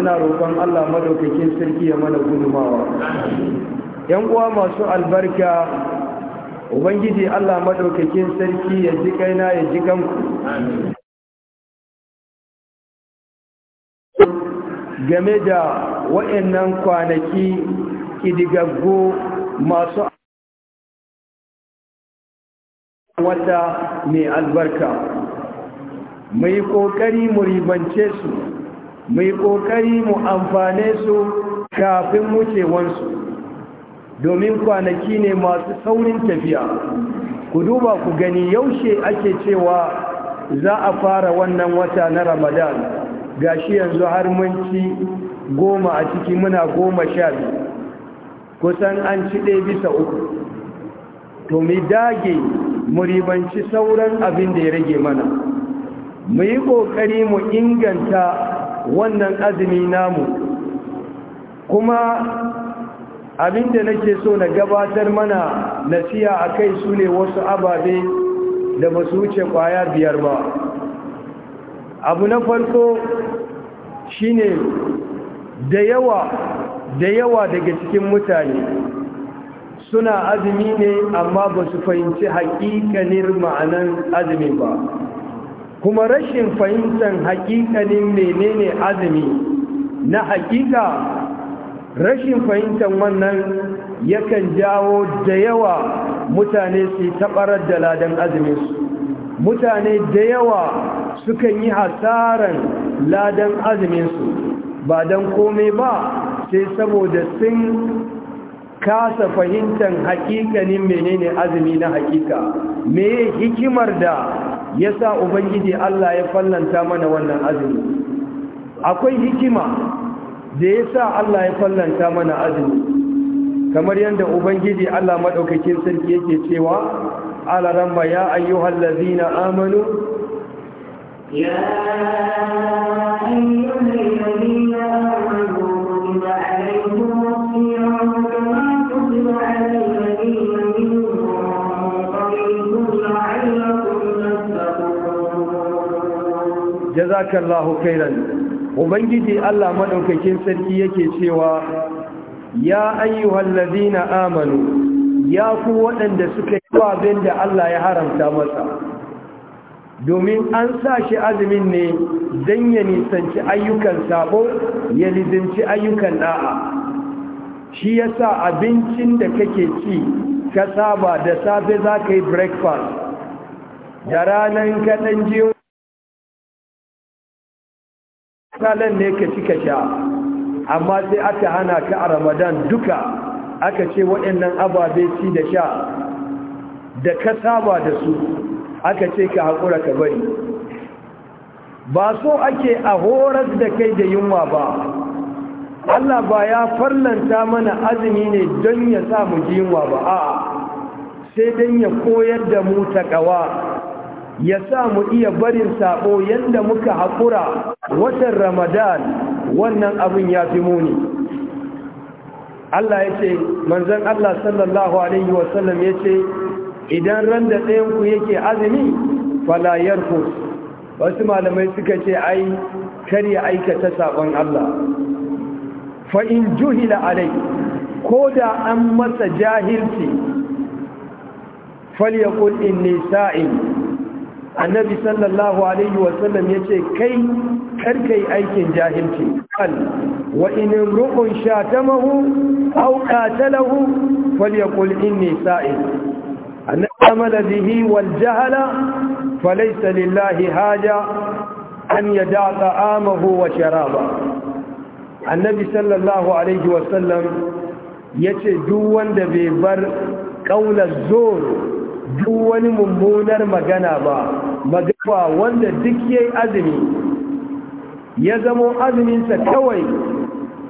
muna roƙon Allah madaukakin sarki ya mana gudumawa yan uwa masu albarka ubangiji Allah madaukakin sarki ya ji kaina ya ji ganku game da wa'annan kwanaki kidigaggo masu wata mai albarka mai kokari mu ribance su mu yi ƙoƙari mu amfane su kafin wansu, domin kwanaki ne masu saurin tafiya ku duba ku gani yaushe ake cewa za a fara wannan wata na ramadan ga shi yanzu har mun ci goma a ciki muna goma sha biyu kusan an ci ɗaya bisa uku to mu dage mu ribanci sauran abin da ya rage mana mu yi ƙoƙari mu inganta wannan azumi namu kuma abinda nake so na gabatar mana nasiya a kai su ne wasu ababe da ba su wuce kwaya biyar ba abu na farko shine da yawa da yawa daga cikin mutane suna azumi ne amma ba su fahimci haƙiƙanin ma'anan azumi ba kuma rashin fahimtar hakikanin menene azumi na hakika, rashin fahimtar wannan yakan jawo da yawa mutane su taɓarar da ladan azuminsu mutane da yawa sukan yi hasaran ladan azuminsu ba don komai ba sai saboda sun kasa fahimtar hakikanin menene azumi na hakika, me hikimar da yasa ubangiji Allah ya fallanta mana wannan azumi akwai hikima da ya sa Allah ya fallanta mana azumi kamar yadda ubangiji Allah madaukakin sarki yake cewa ala ramba ya ayyuhal ladina amanu ya ayyuhal ladina amanu jazakallahu khairan ubangiji Allah madaukakin sarki yake cewa ya ayyuhallazina amanu ya ku waɗanda suka yi abin da Allah ya haramta masa domin an sa shi azumin ne don ya nisanci ayyukan sabo ya lizinci ayyukan da'a shi ya sa abincin da kake ci ka saba da safe za ka yi breakfast da ranar kaɗan jiyon halan ne ka ci sha amma sai aka hana ka a ramadan duka aka ce waɗannan ababe ci da sha da ka saba da su aka ce ka haƙura ka bari ba so ake a horar da kai da yunwa ba Allah ba ya farlanta mana azumi ne don ya sa mu ji yunwa ba a sai don ya koyar da mu taƙawa ya sa mu iya barin sabo yadda muka haƙura watan ramadan wannan abin ya fi muni Allah ya ce manzan Allah sallallahu alaihi wasallam ya ce idan ran da ɗayanku yake azumi falayar wasu malamai suka ce ai karya aikata sabon Allah fa'in juhila alai ko da an masa jahilci falyakul in nisa'in annabi sallallahu alaihi wasallam ya ce kai karkai aikin jahilci kal wa ta rukun shatamahu aw qatalahu falyaqul inni sa'id an amala bihi wal jahala falaysa lillahi haja an yada ta'amahu wa sharaba annabi sallallahu alaihi wasallam yace duk wanda bai bar ƙaunar Zoro. duk wani mummunar magana ba magana wanda duk yayi azumi ya zamo azuminsa kawai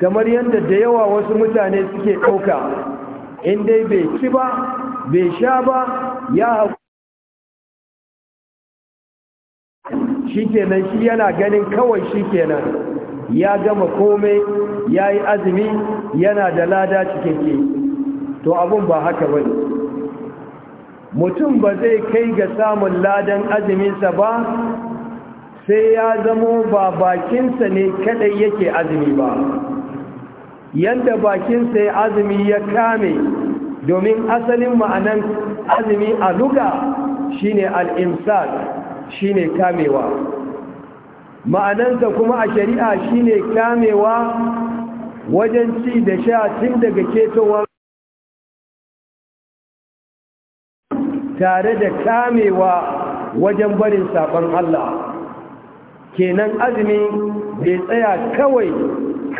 kamar yadda da yawa wasu mutane suke ɗauka in dai bai ci ba bai sha ba ya shi kenan shi yana ganin kawai shi kenan ya gama komai ya yi azumi yana da lada cikin ke to abun ba haka bane mutum ba zai kai ga samun ladan azuminsa ba sai ya zamo ba bakinsa ne kadai yake azumi ba yadda bakinsa ya azumi ya kame domin asalin ma'anan azumi a luga shine al'imsar shine kamewa ma'anansa kuma a shari'a shine kamewa wajen ci da sha tun daga ketowar tare da kamewa wajen barin sabon Allah kenan azumi bai tsaya kawai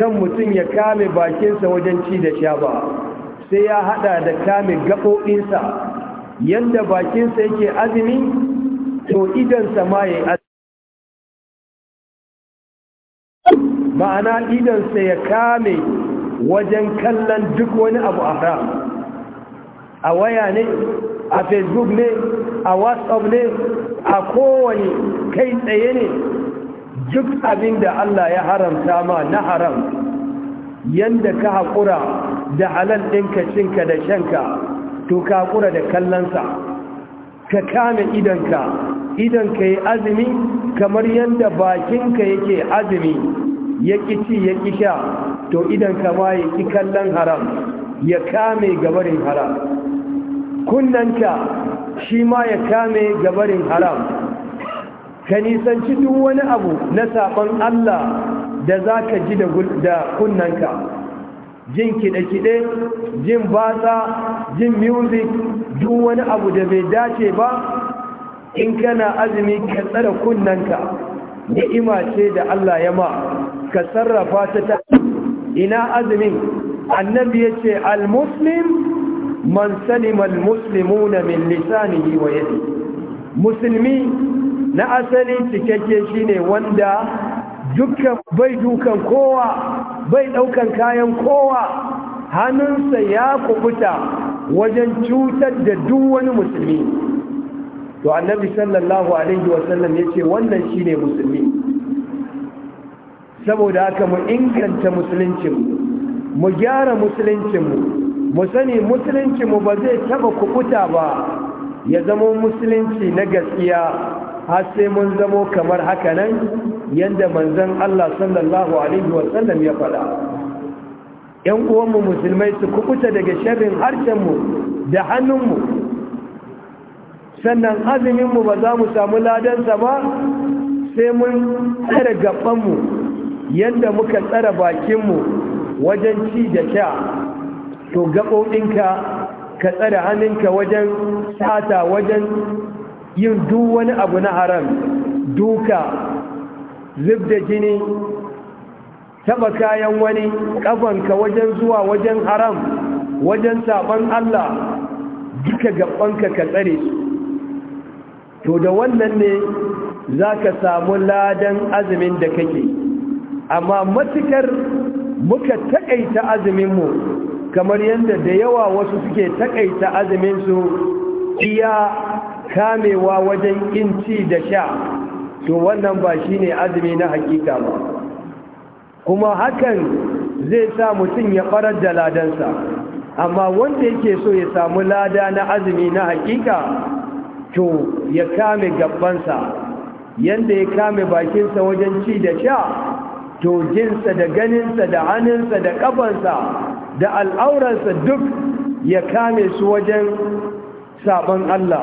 kan mutum ya kame bakinsa wajen ci da sha ba sai ya hada da kame gaɓoɓinsa yadda bakinsa yake azumi to idansa ma ya azumi ma'ana idansa ya kame wajen kallon duk wani abu a a waya ne a facebook ne a whatsapp ne a kowane kai tsaye ne duk abin da allah ya haramta ma na haram Yadda ka haƙura da halal ɗinka cinka da shanka to ka haƙura da kallonsa ka kame idanka idanka yi azumi kamar yadda bakinka yake azumi ya ci ya sha to idanka ma ya ƙi kallon haram ya kame gabarin haram kunnanta shi ma ya kame gabarin haram ka nisanci duk wani abu na saɓon Allah da za ka ji da kunnanka jin kiɗe-kiɗe jin batsa jin music duk wani abu da bai dace ba in kana azumi ka tsara kunnanka ni'ima ce da Allah ya ma ka sarrafa ta ta ina azumin annabi ya ce al-muslim man salima almuslimuna min lisanihi wa yadi musulmi na asali cikakke shine wanda dukkan bai dukan kowa bai daukan kayan kowa hannunsa ya kubuta wajen cutar da duk wani musulmi to annabi sallallahu alaihi wasallam yace wannan shine musulmi saboda haka mu inganta musuluncinmu mu gyara musuluncinmu mu sani musulunci mu ba zai taba kubuta ba ya zama musulunci na gaskiya har sai mun zamo kamar haka nan yadda manzon Allah sallallahu alaihi wasallam ya faɗa yan uwanmu musulmai su kubuta daga sharrin harshenmu da hannunmu sannan azuminmu ba za mu samu ladansa ba sai mun tsare gabanmu yadda muka tsara bakinmu wajen ci da sha to gaɓoɗinka ka tsada hannunka wajen sata wajen yin duk wani abu na haram duka zub da jini taba kayan wani ƙafanka wajen zuwa wajen haram wajen saɓon Allah duka gaɓanka ka tsare to da wannan ne za ka samu ladan azumin da kake amma matukar muka taƙaita azuminmu kamar yadda da yawa wasu suke takaita azuminsu iya kamewa wajen yin ci da sha to wannan ba shi ne azumi na hakika ba kuma hakan zai sa mutum ya farar da ladansa amma wanda yake so ya samu lada na azumi na hakika to ya kame gabbansa, yadda ya kame bakinsa wajen ci da sha to jinsa da ganinsa da hannunsa da ƙafansa da al'auransa duk ya kame su wajen sabon Allah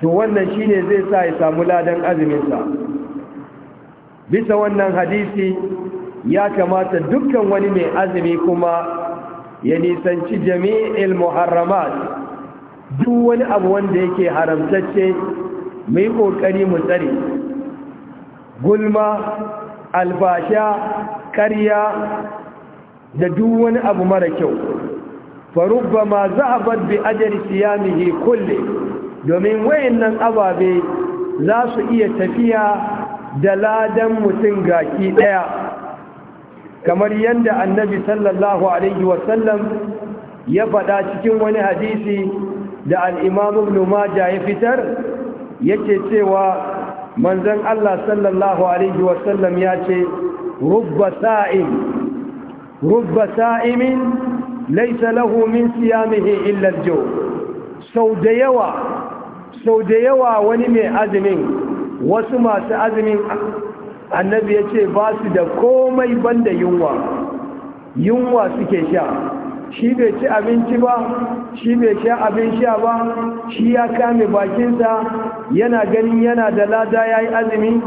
to wannan shine zai sa ya samu ladan azuminsa bisa wannan hadisi ya kamata dukkan wani mai azumi kuma ya nisanci jami'il muharramat duk wani abu wanda yake haramtacce mai kokari mu tsare gulma albasha karya. da duk wani abu mara kyau farubba ma zahabar bi ajari siyamihi kulle domin wayannan ababe za su iya tafiya da ladan mutum gaki ɗaya kamar yadda annabi sallallahu alaihi wasallam ya faɗa cikin wani hadisi da al'imam ibn ya fitar yake cewa manzon Allah sallallahu alaihi wasallam ya ce rubba sa'in rubba imin laisa lahu min siyamihi illa al-jaw sau da yawa wani mai azumin wasu masu azumin annabi ya ce ba su da komai ban da yunwa yunwa suke sha shi bai ci abinci ba shi bai sha abin sha ba shi ya kame bakinsa yana ganin yana da lada ya yi azumi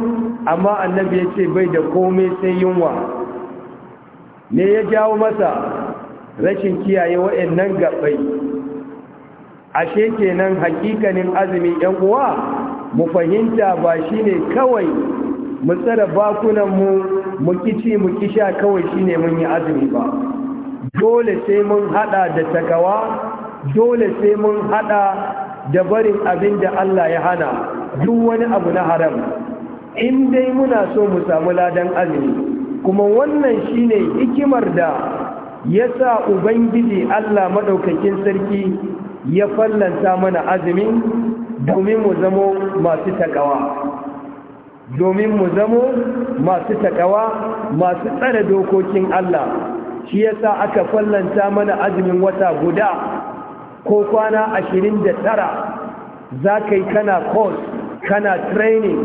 amma annabi ya ce bai da komai sai yunwa me ya jawo masa rashin kiyaye waɗannan gabai ashe kenan hakikanin azumi yan uwa mu fahimta ba shine kawai mu tsara bakunan mu mu kici mu kisha kawai shine mun yi azumi ba dole sai mun hada da takawa dole sai mun hada da barin abin da Allah ya hana duk wani abu na haram in dai muna so mu samu ladan azumi kuma wannan shine hikimar da ya sa ubangiji allah maɗaukakin sarki ya fallanta mana azumi domin mu zamo masu taƙawa, domin mu zamo masu taƙawa masu tsare dokokin allah shi ya sa aka fallanta mana azumin wata guda ko kwana ashirin da tara za ka yi kana course kana training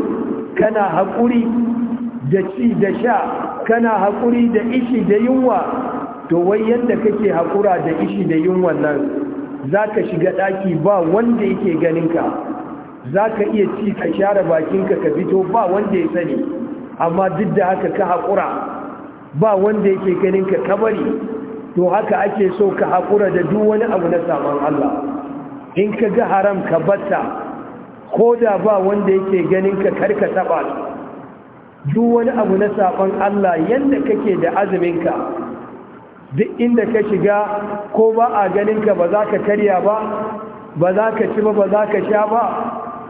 kana haƙuri da ci da sha kana haƙuri da ishi da yunwa to wai yadda kake haƙura da ishi da yunwa nan za ka shiga ɗaki ba wanda yake ganinka za ka iya ci ka share bakinka ka fito ba wanda ya sani amma duk da haka ka haƙura ba wanda yake ganinka ka bari to haka ake so ka haƙura da duk wani abu na saman Allah in ka ga haram ka batta ko da ba wanda yake ganinka karka taɓa su duk wani abu na saɓon Allah yadda kake da azuminka duk inda ka shiga ko ba a ganinka ba za ka karya ba ba za ka ci ba ba za ka sha ba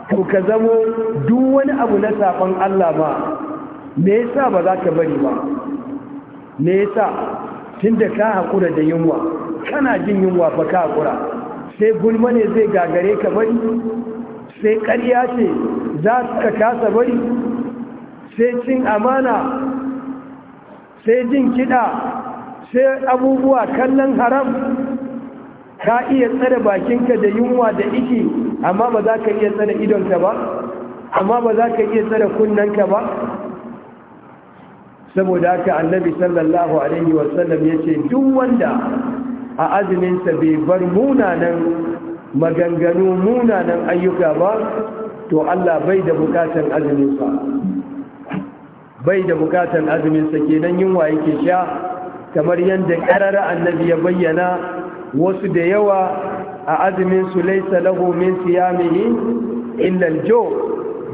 ko ka zamo duk wani abu na saɓon Allah ba me yasa ba za ka bari ba me yasa tunda ka haƙura da yunwa kana jin yunwa fa ka haƙura sai gulma ne zai gagare ka bari sai ƙarya ce za ka kasa bari sai cin amana sai jin kiɗa sai abubuwa kallon haram ka iya tsare bakinka da yunwa da iki amma ba za ka iya tsare idonka ba amma ba za ka iya tsare kunnanka ba saboda haka annabi sallallahu alaihi wasallam ya ce duk wanda a azuminsa bai bar munanan maganganu munanan ayyuka ba to Allah bai da bukatan azuminsa bai da bukatan azumin sa kenan yunwa yake sha kamar yadda ƙarar annabi ya bayyana wasu da yawa a azumin su laisa lahu min siyamihi illa aljo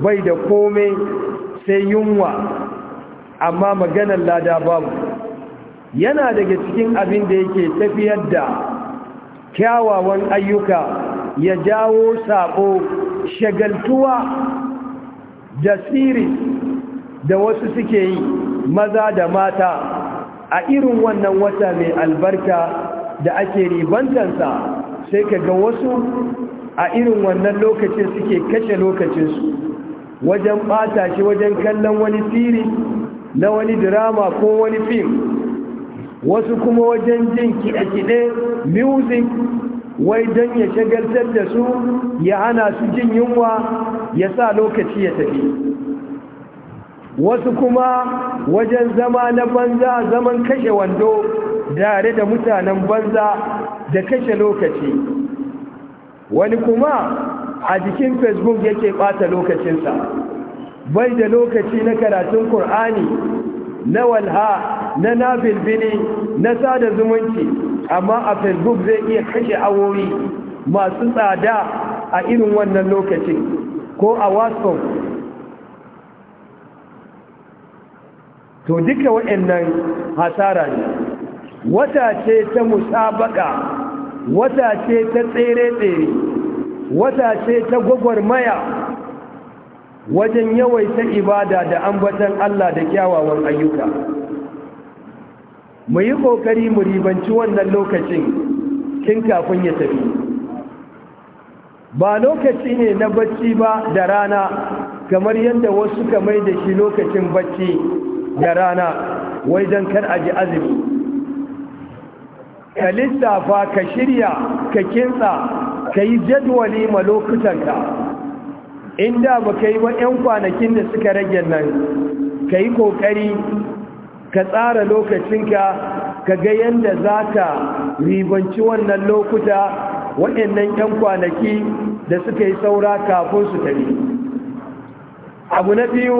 bai da komai sai yunwa amma maganar lada babu yana daga cikin abin da yake tafiyar da kyawawan ayyuka ya jawo sabo shagaltuwa da siri da wasu suke yi maza da mata a irin wannan wata mai albarka da ake ribantansa sai ka ga wasu a irin wannan lokacin suke kashe lokacinsu wajen ɓata shi wajen kallon wani siri na wani drama ko wani fim wasu kuma wajen jin kiɗe-kiɗe music wai don ya shagaltar da su ya hana su jin yunwa ya sa lokaci ya tafi wasu kuma wajen zama na banza zaman kashe wando dare da mutanen banza da kashe lokaci wani kuma a jikin facebook yake bata lokacinsa bai da lokaci na karatun Kur'ani, na walha na nabilbili na sada zumunci amma a facebook zai iya kashe awowi masu tsada a irin wannan lokacin ko a whatsapp to duka waɗannan hasara ne wata ce ta musabaka wata ce ta tsere-tsere wata ce ta gwagwarmaya wajen yawaita ibada da ambatan Allah da kyawawan ayyuka mu yi ƙoƙari mu ribanci wannan lokacin kin kafin ya tafi ba lokaci ne na bacci ba da rana kamar yadda wasu ka mai da shi lokacin bacci da rana wai don kar a ji azumi ka lissafa ka shirya ka kinsa ka yi jadwali ma lokutanka inda ba ka yi wa 'yan kwanakin da suka rage nan ka yi kokari ka tsara lokacinka ka ga yadda za ka ribanci wannan lokuta waɗannan 'yan kwanaki da suka yi saura kafin su tafi abu na biyu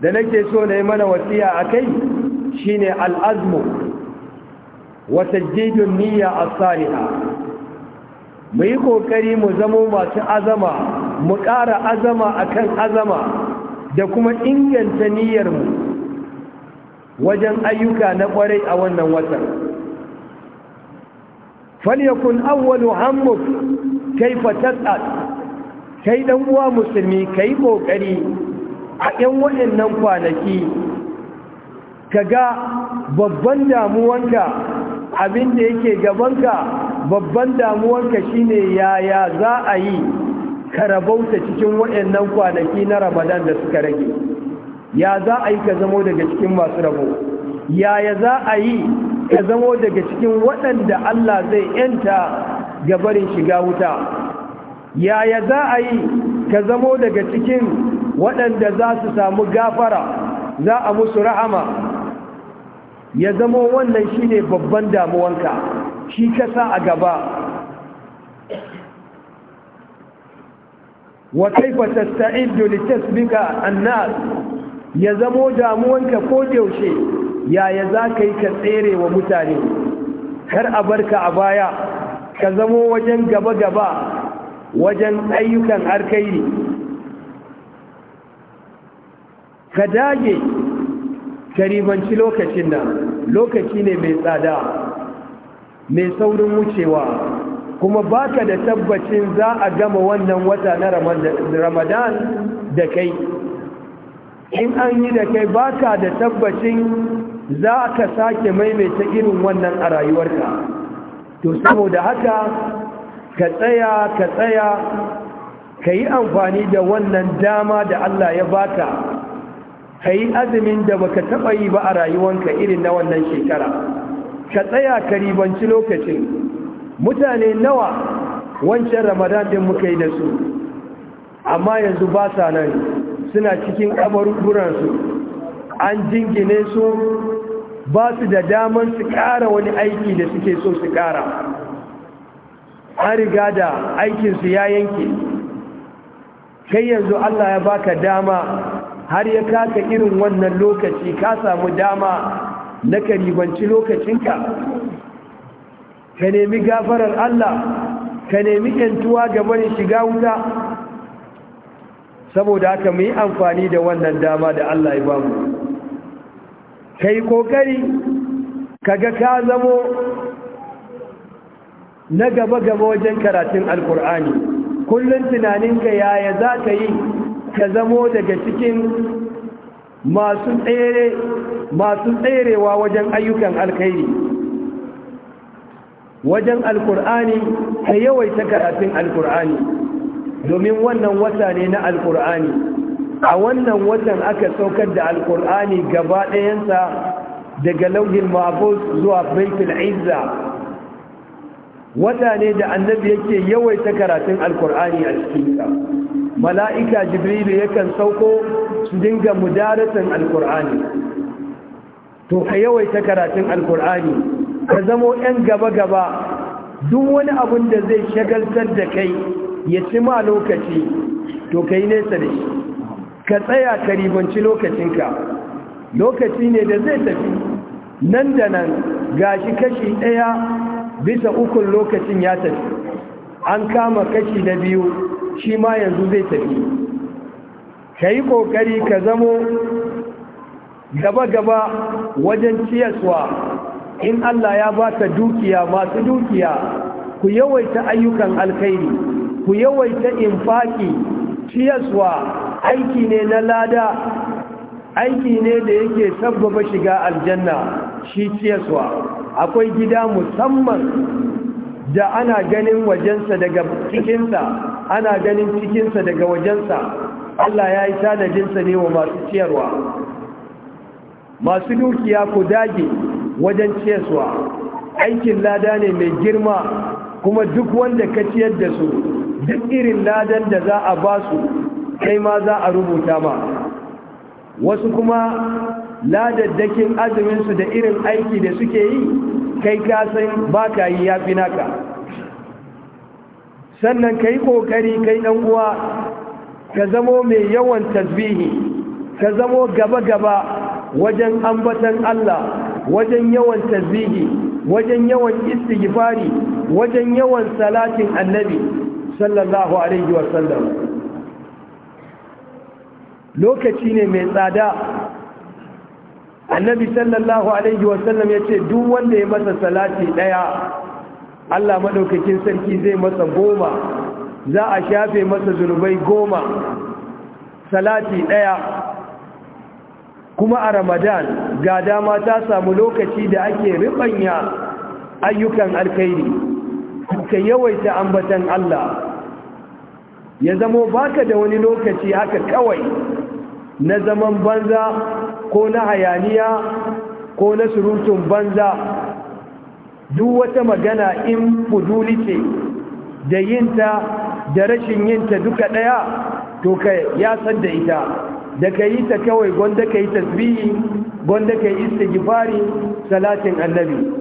da nake so na yi mana wasiya a kai shi ne al'azmu wata jidun niyya a sari'a mu yi ƙoƙari mu zamo masu azama mu ƙara azama a kan azama da kuma inganta niyyarmu wajen ayyuka na ƙwarai a wannan watan falyakun awwalu hammuk kai tas'al kai ɗan uwa musulmi kai ƙoƙari. a ɗan waɗannan kwanaki ka ga babban damuwanka abin da yake gabanka babban damuwanka shine yaya za a yi ka rabauta cikin waɗannan kwanaki na ramadan da suka rage ya za a yi ka zamo daga cikin masu rabo yaya za a yi ka zamo daga cikin waɗanda allah zai yanta gabarin shiga wuta yaya za a yi ka zamo daga cikin waɗanda za su samu gafara za a musu rahama ya zama wannan shi ne babban damuwanka shi kasa a gaba wa kaifa tasta'iddu litasbika annas ya zamo damuwanka ko yaushe yaya za ka yi ka tsere wa mutane kar a barka a baya ka zamo wajen gaba-gaba wajen ayyukan alkhairi ka dage karibanci lokacin nan lokaci ne mai tsada mai saurin wucewa kuma baka da tabbacin za a gama wannan wata na ramadan da kai in an yi da kai baka da tabbacin za ka sake maimaita irin wannan a rayuwarka to saboda haka ka tsaya ka tsaya ka yi amfani da wannan dama da Allah ya baka ka yi azumin da baka taɓa yi ba a rayuwanka irin na wannan shekara ka tsaya ka ribanci lokacin mutane nawa wancan ramadan din muka yi da su amma yanzu ba sa nan suna cikin kabaruransu an jingine su ba su da daman su ƙara wani aiki da suke so su ƙara an riga da aikinsu ya yanke kai yanzu allah ya baka dama har ya kaka irin wannan lokaci ka samu dama na karibanci lokacinka ka nemi gafarar Allah ka nemi yantuwa gaban shiga wuta saboda haka mu amfani da wannan dama da Allah ya mu ka yi ƙoƙari ga ka zamo na gaba-gaba wajen karatun alkur'ani kullum tunaninka yaya za ka yi ka zamo daga cikin masu tsere masu tserewa wajen ayyukan alkhairi wajen alkur'ani ka yawaita karatun alkur'ani domin wannan wata ne na alkur'ani a wannan watan aka saukar da alkur'ani gaba ɗayansa daga lauhin mabus zuwa baitul izza wata ne da annabi yake yawaita karatun alkur'ani a cikinsa mala'ika jibrilu yakan sauko su dinga mudaratan alkur'ani to ka yawaita karatun alkur'ani ka zamo 'yan gaba-gaba duk wani abin da zai shagaltar da kai ya ci ma lokaci to ka yi nesa da ka tsaya ka ribanci lokacinka lokaci ne da zai tafi nan da nan gashi kashi ɗaya bisa ukun lokacin ya tafi an kama kashi da biyu shi ma yanzu zai tafi ka yi ƙoƙari ka zamo gaba-gaba wajen ciyaswa in Allah ya ba ta dukiya masu dukiya ku yawaita ayyukan alkhairi ku yawaita infaki ciyaswa aiki ne na lada aiki ne da yake sabbaba shiga aljanna shi ciyaswa akwai gida musamman da ana ganin wajensa daga cikinsa ana ganin cikinsa daga wajensa Allah ya yi tanadinsa ne wa masu ciyarwa masu dukiya ku dage wajen ciyarwa aikin lada ne mai girma kuma duk wanda ka ciyar da su duk irin ladan da za a ba su kai ma za a rubuta ma wasu kuma ladaddakin azuminsu da irin aiki da suke yi kai kasan ba ka yi ya naka sannan ka yi ƙoƙari kai ɗan uwa ka zamo mai yawan tasbihi ka zamo gaba-gaba wajen ambatan Allah wajen yawan tasbihi wajen yawan istighfari wajen yawan salatin annabi sallallahu alaihi wasallam lokaci ne mai tsada annabi sallallahu alaihi wasallam ya ce duk wanda ya masa salati ɗaya Allah madaukakin sarki zai masa goma za a shafe masa zunubai goma salati ɗaya kuma a ramadan ga dama ta samu lokaci da ake riɓanya ayyukan alkhairi ka yawaita ambatan Allah ya zamo baka da wani lokaci haka kawai na zaman banza ko na hayaniya ko na surutun banza duk wata magana in fuduli ce da yinta da rashin yinta duka ɗaya to ka ya san da ita da ka yi ta kawai gwanda ka yi tasbihi gwanda ka yi istighfari salatin annabi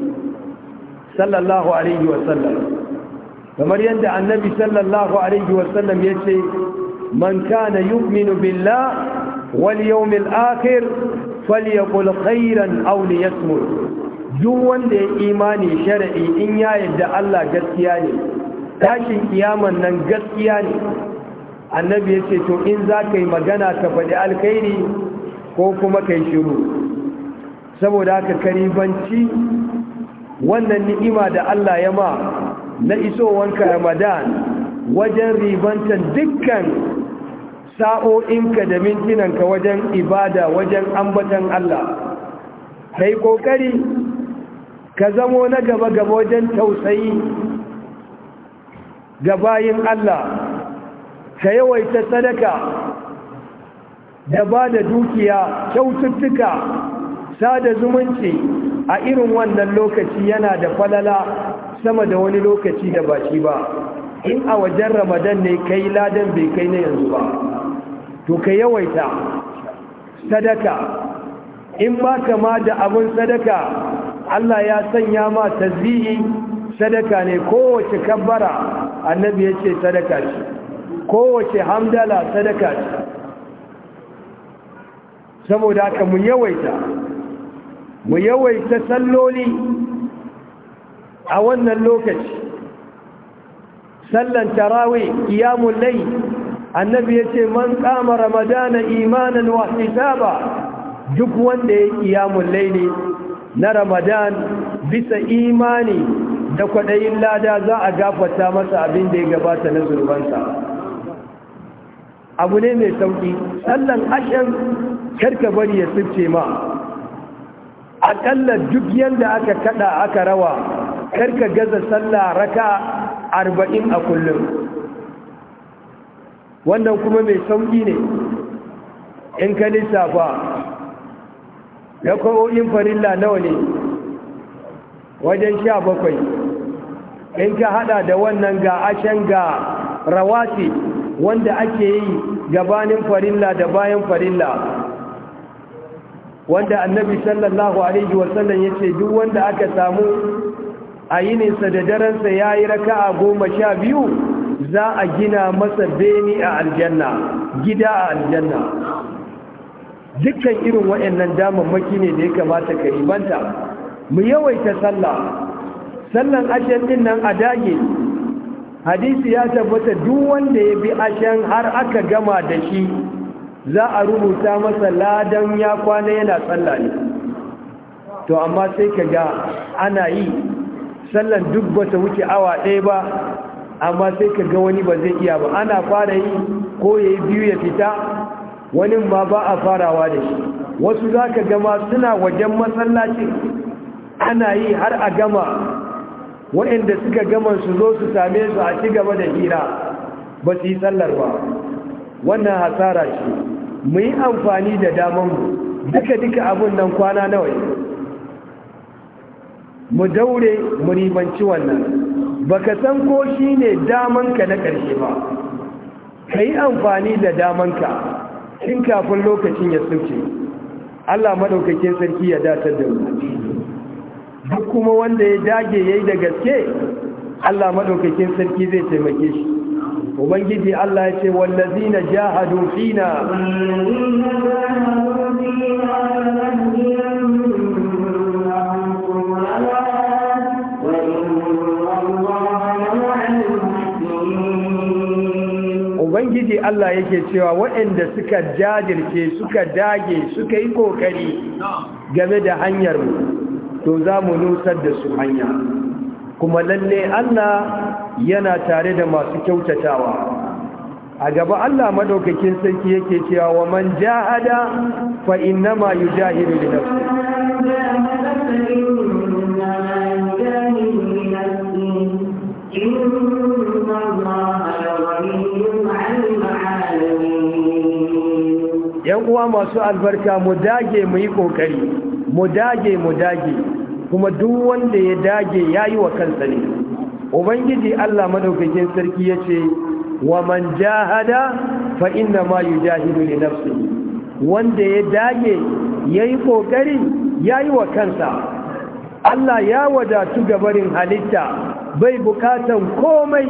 sallallahu alaihi wasallam kamar yadda annabi sallallahu alaihi wasallam ya ce man kana yu'minu billah wal yawmil akhir falyaqul khairan aw liyasmut duk wanda ya imani shar'i in ya yadda Allah gaskiya ne tashin kiyaman nan gaskiya ne annabi ya ce to in za ka yi magana ka faɗi alkhairi ko kuma ka yi shiru saboda haka karibanci wannan ni'ima da Allah ya ma na isowanka ramadan wajen ribantar dukkan sa'o'inka da ka wajen ibada wajen ambatan Allah kai kokari ka zamo na gaba-gaba wajen tausayi ga bayin Allah ka yawaita sadaka da ba da dukiya kyaututtuka sada zumunci a irin wannan lokaci yana da falala sama da wani lokaci da baki ba in a wajen ramadan ne kai ladan bai kai na yanzu ba to ka yawaita sadaka in ba kama da abin sadaka Allah ya sanya ma tazihi sadaka ne kowace kabbara annabi ya ce sadaka ce kowace hamdala sadaka ce saboda haka mu yawaita mu yawaita salloli a wannan lokaci sallan tarawi qiyamul layl annabi yace man qama ramadana imanin wa hisaba duk wanda ya qiyamul ne. na ramadan bisa imani da kwaɗayin lada za a gafata masa abin da ya gabata na zurbansa abu ne mai sauƙi sallan ashen karka bari ya sifce ma aƙalla duk yadda aka kaɗa aka rawa karka gaza sallah raka arba'in a kullum wannan kuma mai sauƙi ne in ka lissafa kwa'o'in farilla nawa ne wajen sha bakwai in ka hada da wannan ga ashen ga rawati wanda ake yi gabanin farilla da bayan farilla wanda annabi sallallahu alaihi wasallam ya ce duk wanda aka samu a da daransa ya yi raka'a goma sha biyu za a gina masa beni a aljanna gida a aljanna dukkan irin waɗannan damammaki ne da ya kamata ka ribanta mu yawaita sallah sallan ashen din nan a dage hadisi ya tabbata duk wanda ya bi ashen har aka gama da shi za a rubuta masa ladan ya kwana yana sallah ne to amma sai ka ga ana yi sallan duk bata wuce awa ɗaya ba amma sai ka ga wani ba zai iya ba ana fara yi ko ya yi biyu ya fita wani ma ba a farawa da shi wasu za ka gama suna wajen masallacin ana yi har a gama waɗanda suka gama su zo su same su a ci gaba da hira ba su yi tsallar ba wannan hasara ce mu yi amfani da damanmu duka duka abin nan kwana nawa mu daure mu ribanci wannan baka san ko shi shine damanka na ƙarshe ba ka yi amfani da damanka tun kafin lokacin ya tsuke Allah maɗaukakin sarki ya datar da mu duk kuma wanda ya dage yayi da gaske Allah maɗaukakin sarki zai taimake shi ubangiji Allah ya ce wallazina jahadu fina wallazina jahadu fina ubangiji Allah yake cewa waɗanda suka jajirce suka dage suka yi kokari game da hanyar mu to za mu nusar da su hanya kuma lalle Allah yana tare da masu kyautatawa a gaba Allah madaukakin sarki yake cewa wa man jahada fa innama yujahidu li nafsi Thank you. uwa masu albarka mu dage mu yi ƙoƙari mu dage mu dage kuma duk wanda ya dage ya yi wa kansa ne ubangiji allah madaukakin sarki ya ce wa man jahada fa inna ma yujahidu li nafsi wanda ya dage ya yi ƙoƙari ya yi wa kansa Allah ya wadatu gabarin halitta bai bukatan komai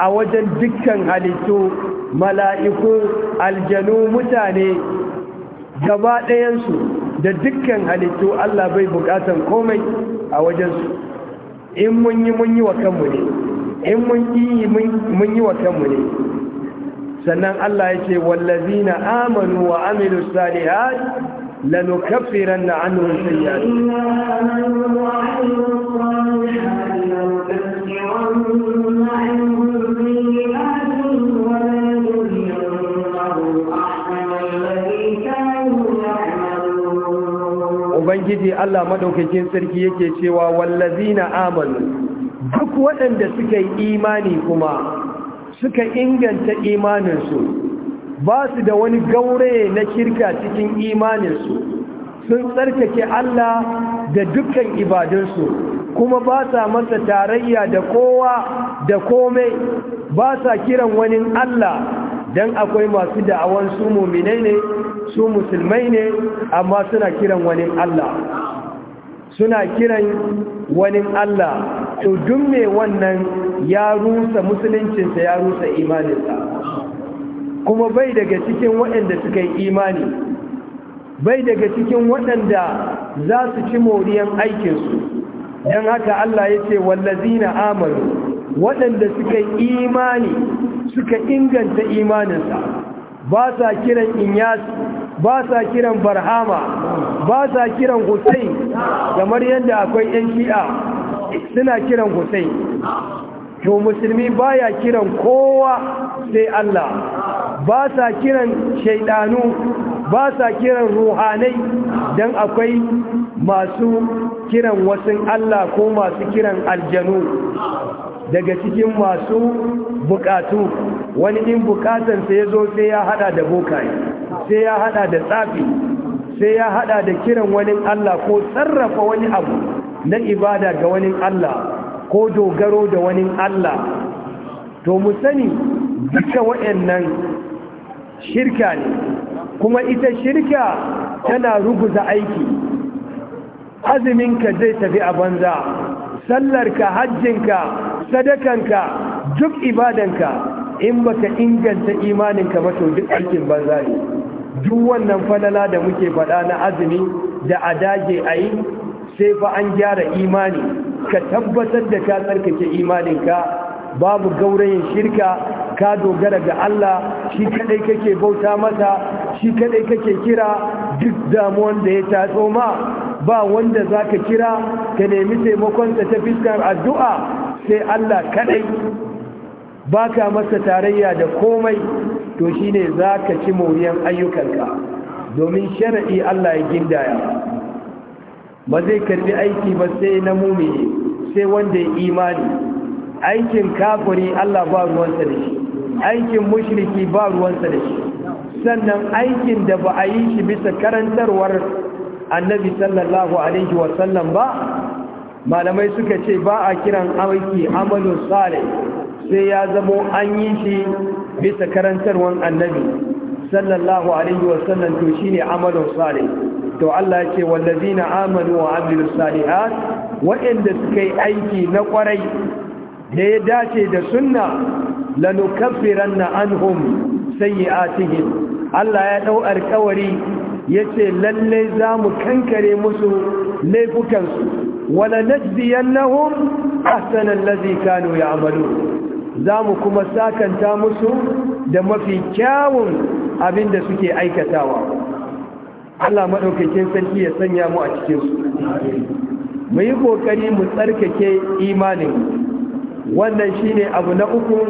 a wajen dukkan halittu mala'iku aljanu mutane gaba ɗayansu da dukkan halittu Allah bai buƙatan komai a wajensu in mun yi mun yi wa kanmu ne in mun yi mun yi wa kanmu ne sannan Allah ya ce na amanu wa amilu salihat na anhum sayyi'atihim ubangiji Allah madaukakin sarki yake cewa wallazi na amanu duk waɗanda suka yi imani kuma suka inganta imaninsu ba su da wani gaure na kirka cikin imaninsu sun tsarkake Allah da dukkan ibadunsu kuma ba sa masa tarayya da kowa da komai ba sa kiran wani Allah Dan akwai masu da'awan su muminai ne su musulmai ne amma suna kiran wani Allah suna kiran wani Allah to duk me wannan ya rusa musuluncinsa ya rusa imaninsa kuma bai daga cikin waɗanda suka yi imani bai daga cikin waɗanda za su ci moriyan aikinsu don haka Allah ya ce wallazina amaru waɗanda suka yi imani suka inganta imaninsa ba sa kiran inyasi ba sa kiran barhama ba sa kiran hussein kamar yadda akwai 'yan shi'a suna kiran hussein to musulmi baya kiran kowa sai Allah ba sa kiran shaidanu ba sa kiran ruhanai don akwai masu kiran wasu Allah ko masu kiran aljanu daga cikin masu bukatu wani in bukatansa ya zo sai ya hada da bokaye sai ya hada da tsafi sai ya hada da kiran wani Allah ko sarrafa wani abu na ibada ga wani Allah ko dogaro da wani Allah to mu sani duka waɗannan shirka ne kuma ita shirka tana ruguza aiki azuminka zai tafi a banza sallarka hajjinka sadakanka duk ibadanka in baka inganta imaninka ba to duk aikin banza ne duk wannan falala da muke faɗa na azumi da a dage a yi sai fa an gyara imani ka tabbatar da ka tsarkake imaninka babu gaurayin shirka ka dogara ga Allah shi kadai kake bauta masa shi kadai kake kira duk damuwan da ya taso ma ba wanda za ka kira ka nemi taimakon sa ta fiskar addu'a sai Allah kadai baka masa tarayya da komai to shine zaka ci moriyan ayyukanka domin shara'i Allah ya gindaya ba zai karbi aiki ba sai na mumi sai wanda ya imani aikin kafuri Allah ba ruwansa da shi aikin mushriki ba ruwansa da shi sannan aikin da ba a yi shi bisa karantarwar annabi sallallahu alaihi wasallam ba malamai suka ce ba a kiran aiki amalu salih sai ya zamo an yi shi bisa karantarwan annabi sallallahu alaihi wasallam to shine amalu salih to Allah ya ce wallazina amanu wa amilus salihat Waɗanda suka yi aiki na kwarai da ya dace da sunna lanukaffiranna anhum cikin. Allah ya dau ya ce lallai za mu kankare musu laifukansu wala najziyannahum Kano allazi kanu ya'malun zamu kuma sakanta musu da mafi kyawun abin da suke aikatawa Allah madaukakin sarki ya sanya mu a cikin su mu yi kokari mu tsarkake imanin wannan shine abu na uku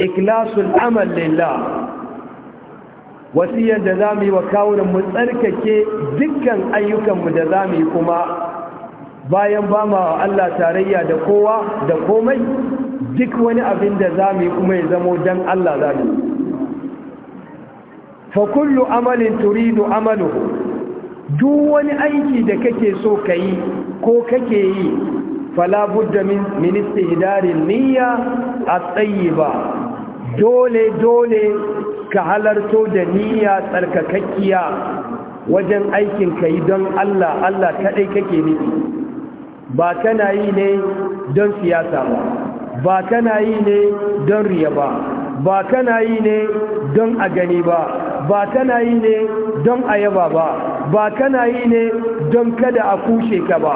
ikhlasul amal lillah wasiyar da za mu yi wa kawunan mu tsarkake dukkan ayyukanmu da za mu yi kuma bayan ba ma Allah tarayya da kowa da komai duk wani abin da za mu yi kuma ya zamo don Allah za mu fa kullu amalin turidu amaluhu duk wani aiki da kake so ka yi ko kake yi fala budda min istihdarin niyya at-tayyiba dole dole ka halarto da niyya tsarkakakkiya wajen aikin ka yi don Allah Allah kadai kake nufi ba kana yi ne don siyasa ba ba kana yi ne don riya ba ba kana yi ne don a gani ba ba kana yi ne don a yaba ba ba kana yi ne don kada a kushe ka ba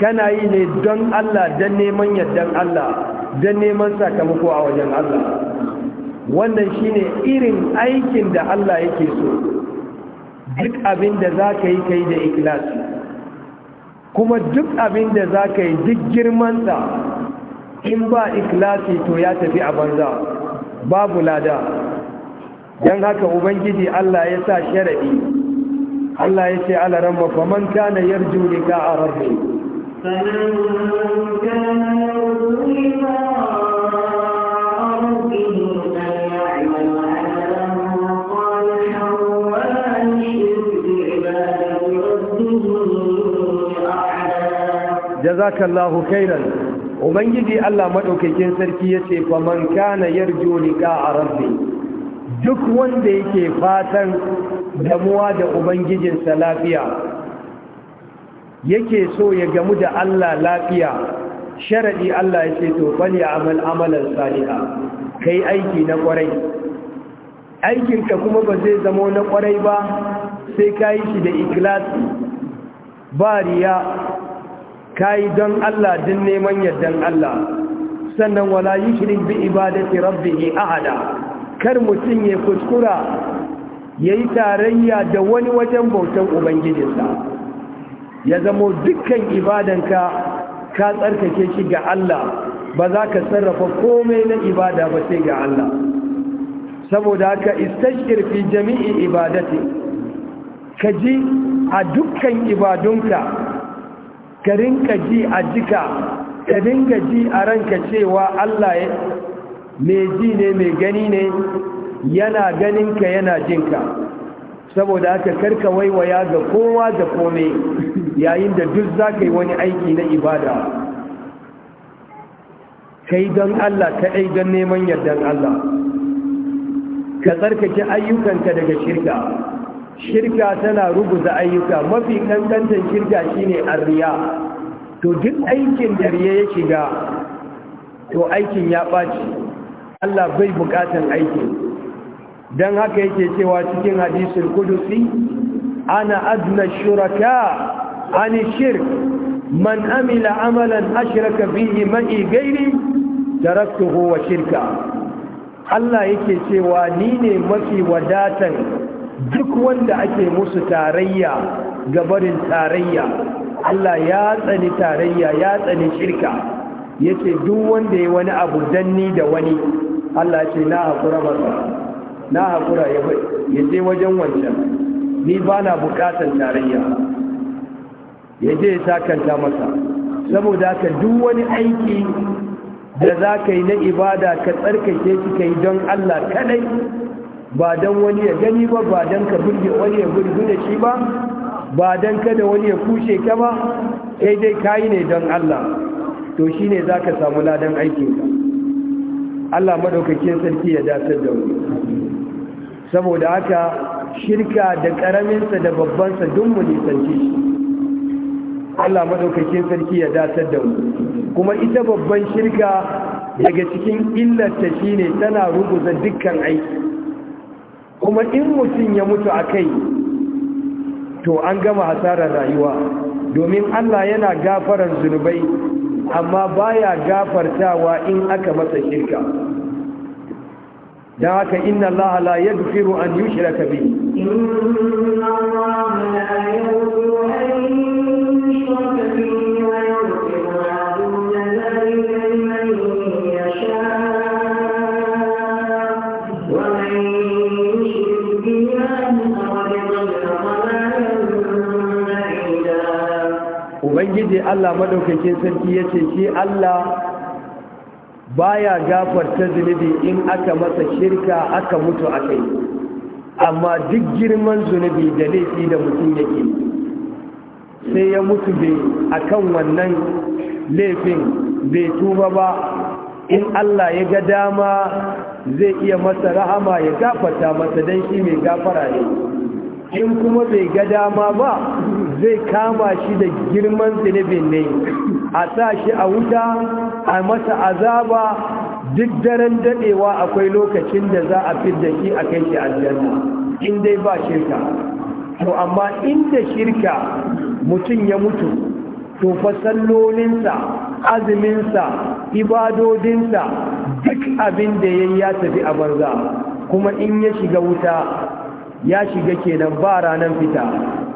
kana yi ne don Allah don neman yardan Allah don neman sakamako a wajen Allah wannan shine irin aikin da Allah yake so duk abin da za ka yi kai da ikilasi kuma duk abin da za ka yi duk girmansa in ba ikilasi to ya tafi a banza babu lada don haka ubangiji Allah ya sa sharaɗi Allah ya ce alaran mafaman kana yarju ka a rabbi فمن كان يرجو لقاء ربه jazakallahu khairan ubangiji Allah madaukakin sarki yace fa man kana yarju liqa rabbi duk wanda yake fatan damuwa da ubangijinsa lafiya yake so ya gamu da Allah lafiya sharadi Allah yace to bali amal amalan salihah kai aiki na kwarai aikinka kuma ba zai zama na kwarai ba sai ka yi shi da ikilasi ba riya kayi don Allah din neman yardan Allah sannan wala yushrik bi ibadati rabbih ahada kar mutum ya kuskura yayi tarayya da wani wajen bautan ubangijinsa ya zamo dukkan ibadanka ka tsarkake shi ga Allah ba za ka sarrafa komai na ibada ba sai ga Allah saboda haka istashkir fi jami'i ibadati ka ji a dukkan ibadunka ka ji a jika ka ji a ranka cewa Allah mai ji ne mai gani ne yana ganinka yana jinka saboda haka karka waiwaya ga kowa da kome yayin da duk za ka yi wani aiki na ibada ka yi don Allah ka ɗai don neman yardan Allah ka tsarkake ayyukanka daga shirka shirka tana rubuta ayyuka mafi kankantan shirka shine arriya to duk aikin da riya ya shiga to aikin ya ɓaci Allah bai buƙatar aiki. don haka yake cewa cikin hadisin kudusi ana adna shuraka ani shirk man amila amalan ashraka bihi ma'i gairi taraktuhu wa shirka Allah yake cewa ni ne mafi wadatan duk wanda ake musu tarayya gabarin tarayya Allah ya tsani tarayya ya tsani shirka yace duk wanda ya wani abu danni da wani Allah ce na hakura ba na hakura ya je wajen wancan ni ba na bukatar tarayya ya je ya sakanta masa saboda haka duk wani aiki da za ka yi na ibada ka tsarkake shi ka yi don Allah kadai ba don wani ya gani ba ba don ka burge wani ya gurgune shi ba ba don kada wani ya kushe ka ba sai dai kayi ne don Allah to shi ne za ka samu ladan aikinka Allah maɗaukakin sarki ya dasar da wani saboda haka shirka da ƙaraminsa da babbansa duk mu nisanci shi Allah maɗaukakin sarki ya dasar da wani kuma ita babban shirka daga cikin illarta shine tana rubuta dukkan aiki kuma in mutum ya mutu a kai to an gama hasarar rayuwa domin Allah yana gafarar zunubai amma baya gafartawa in aka masa shirka don haka inna Allah la yaghfiru an yushraka bihi inna Allah la yaghfiru an Allah madaukakin sarki yace shi Allah baya gafarta zunubi in aka masa shirka aka mutu a kai amma duk girman zunubi da laifi da mutum yake sai ya mutu bai akan wannan laifin bai tuba ba in Allah ya ga dama zai iya masa rahama ya gafarta masa dan shi mai gafara ne in kuma bai ga dama ba zai kama shi da girman zunubin ne a sa shi a wuta a masa azaba duk daren dadewa akwai lokacin da za a fidda shi a kai shi aljanna in dai ba shirka to amma da shirka mutum ya mutu to fa sallolinsa azuminsa ibadodinsa duk abin da ya ya tafi a banza kuma in ya shiga wuta ya shiga kenan ba ranar fita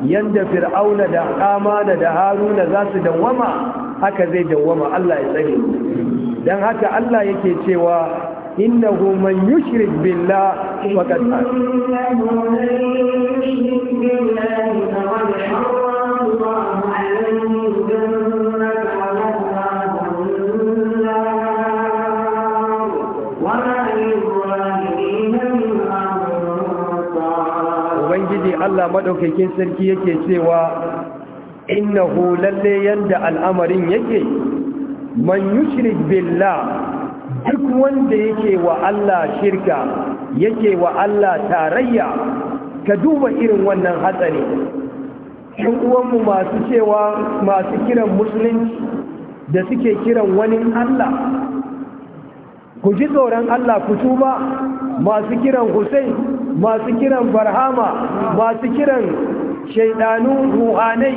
yadda fir'auna da amana da haruna za su dawwama haka zai dawwama Allah ya tsare dan haka Allah yake cewa inna man yushrik billah faqad Allah madaukakin sarki yake cewa innahu lalle yanda al'amarin yake man yushrik billah duk wanda yake wa Allah shirka yake wa Allah tarayya ka duba irin wannan hatsari ɗan uwanmu masu cewa masu kiran musulunci da suke kiran wani Allah ku ji tsoron Allah ku tuba masu kiran Hussein masu kiran barhama masu kiran shaidanun ruhanai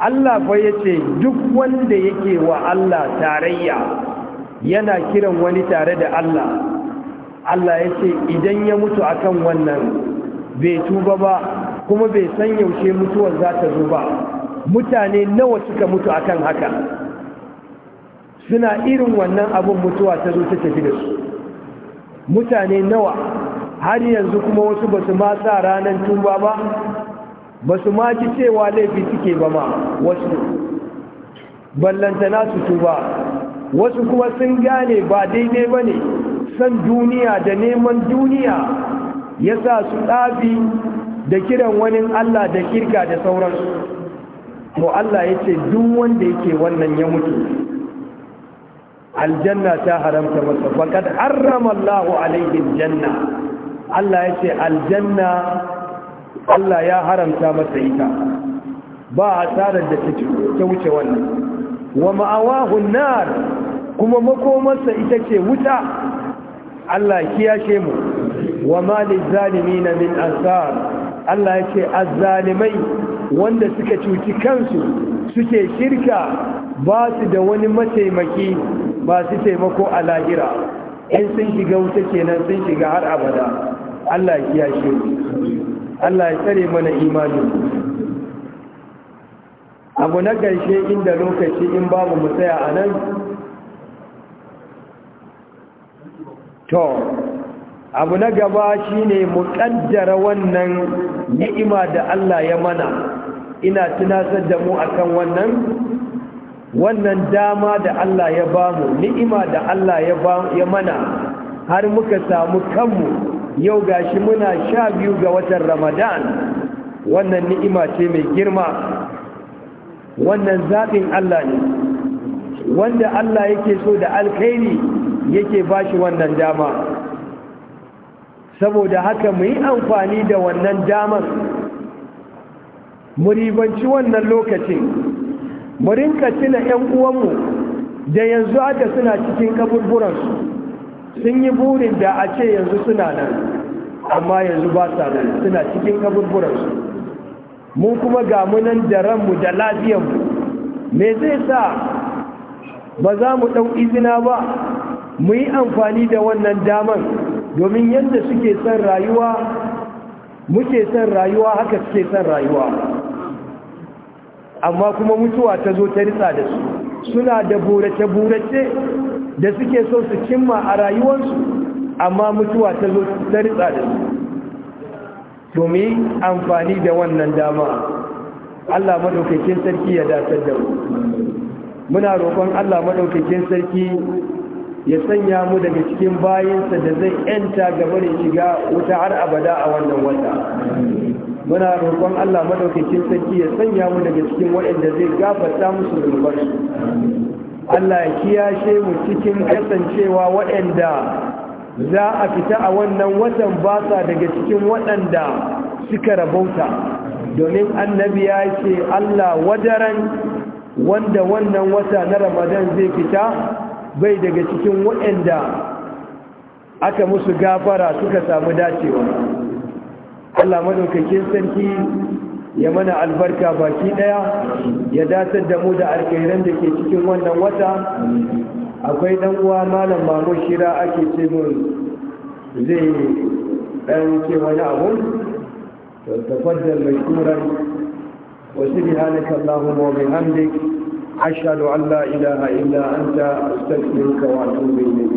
Allah fa ya ce duk wanda yake wa Allah tarayya yana kiran wani tare da Allah Allah ya ce idan ya mutu akan wannan bai tuba ba kuma bai san yaushe mutuwar za ta zo ba mutane nawa suka mutu akan haka suna irin wannan abin mutuwa ta zo ta tafi da su mutane nawa har yanzu kuma wasu ba su ma sa ranar tuba ba ba su ma ci cewa laifi suke ba ma wasu ballantana su tuba wasu kuma sun gane ba daidai ba ne san duniya da neman duniya ya sa su ɗafi da kiran wani allah da kirka da sauransu to allah ya ce duk wanda yake wannan ya mutu aljanna ta haramta masa kad harrama allahu alaihi janna Allah ya ce aljanna Allah ya haramta masa ita ba asarar da ta wuce wannan wa ma'awahu nar kuma makomarsa ita ce wuta Allah kiyashe mu wa zalimi na min asar Allah ya ce azzalimai wanda suka cuci kansu suke shirka ba su da wani mataimaki ba su taimako a lahira in sun shiga wuta kenan sun shiga har abada Allah ya kiyashe Allah ya tsare mana imani abu na ƙarshe inda lokaci in babu mu tsaya a nan to abu na gaba shine mu ƙaddara wannan ni'ima da Allah ya mana ina tunasar da mu akan wannan wannan dama da Allah ya bamu ni'ima da Allah ya mana har muka samu kanmu yau gashi muna sha biyu ga watan ramadan wannan ni'ima ce mai girma wannan zaɓin Allah ne wanda Allah yake so da alkhairi yake shi wannan dama saboda haka mu yi amfani da wannan damar mu wannan lokacin mu ka tuna 'yan uwanmu da yanzu haka suna cikin kaburburansu sun yi burin da a ce yanzu suna nan amma yanzu ba sa nan suna cikin kaburburansu mun kuma ga nan da ranmu da lafiyanmu me zai sa ba za mu ɗau izina ba mu yi amfani da wannan daman domin yadda suke son rayuwa muke son rayuwa haka suke son rayuwa amma kuma mutuwa ta zo ta ritsa da su suna da burace-burace da suke so su cimma a rayuwarsu amma mutuwa ta zo ta ritsa da su domin amfani da wannan dama Allah maɗaukakin sarki ya datar da mu muna roƙon Allah maɗaukakin sarki ya sanya mu daga cikin bayansa da zai ‘yanta gaba da shiga wuta har abada a wannan wata muna roƙon Allah madaukakin sarki ya sanya mu daga cikin waɗanda zai gafarta musu zunubansu Allah ya kiyashe mu cikin kasancewa waɗanda za a fita a wannan watan basa daga cikin waɗanda suka rabauta domin annabi ya ce Allah wadaran wanda wannan wata na ramadan zai fita bai daga cikin waɗanda aka musu gafara suka samu dacewa Allah madaukakin sarki ya mana albarka baki daya ya datar da mu da alkhairan da ke cikin wannan wata akwai dan uwa malam mamu shira ake ce mun zai dan ce wani abu tafaddal mashkuran wa subhanaka allahumma wa bihamdik ashhadu an la ilaha illa anta astaghfiruka wa atubu ilayk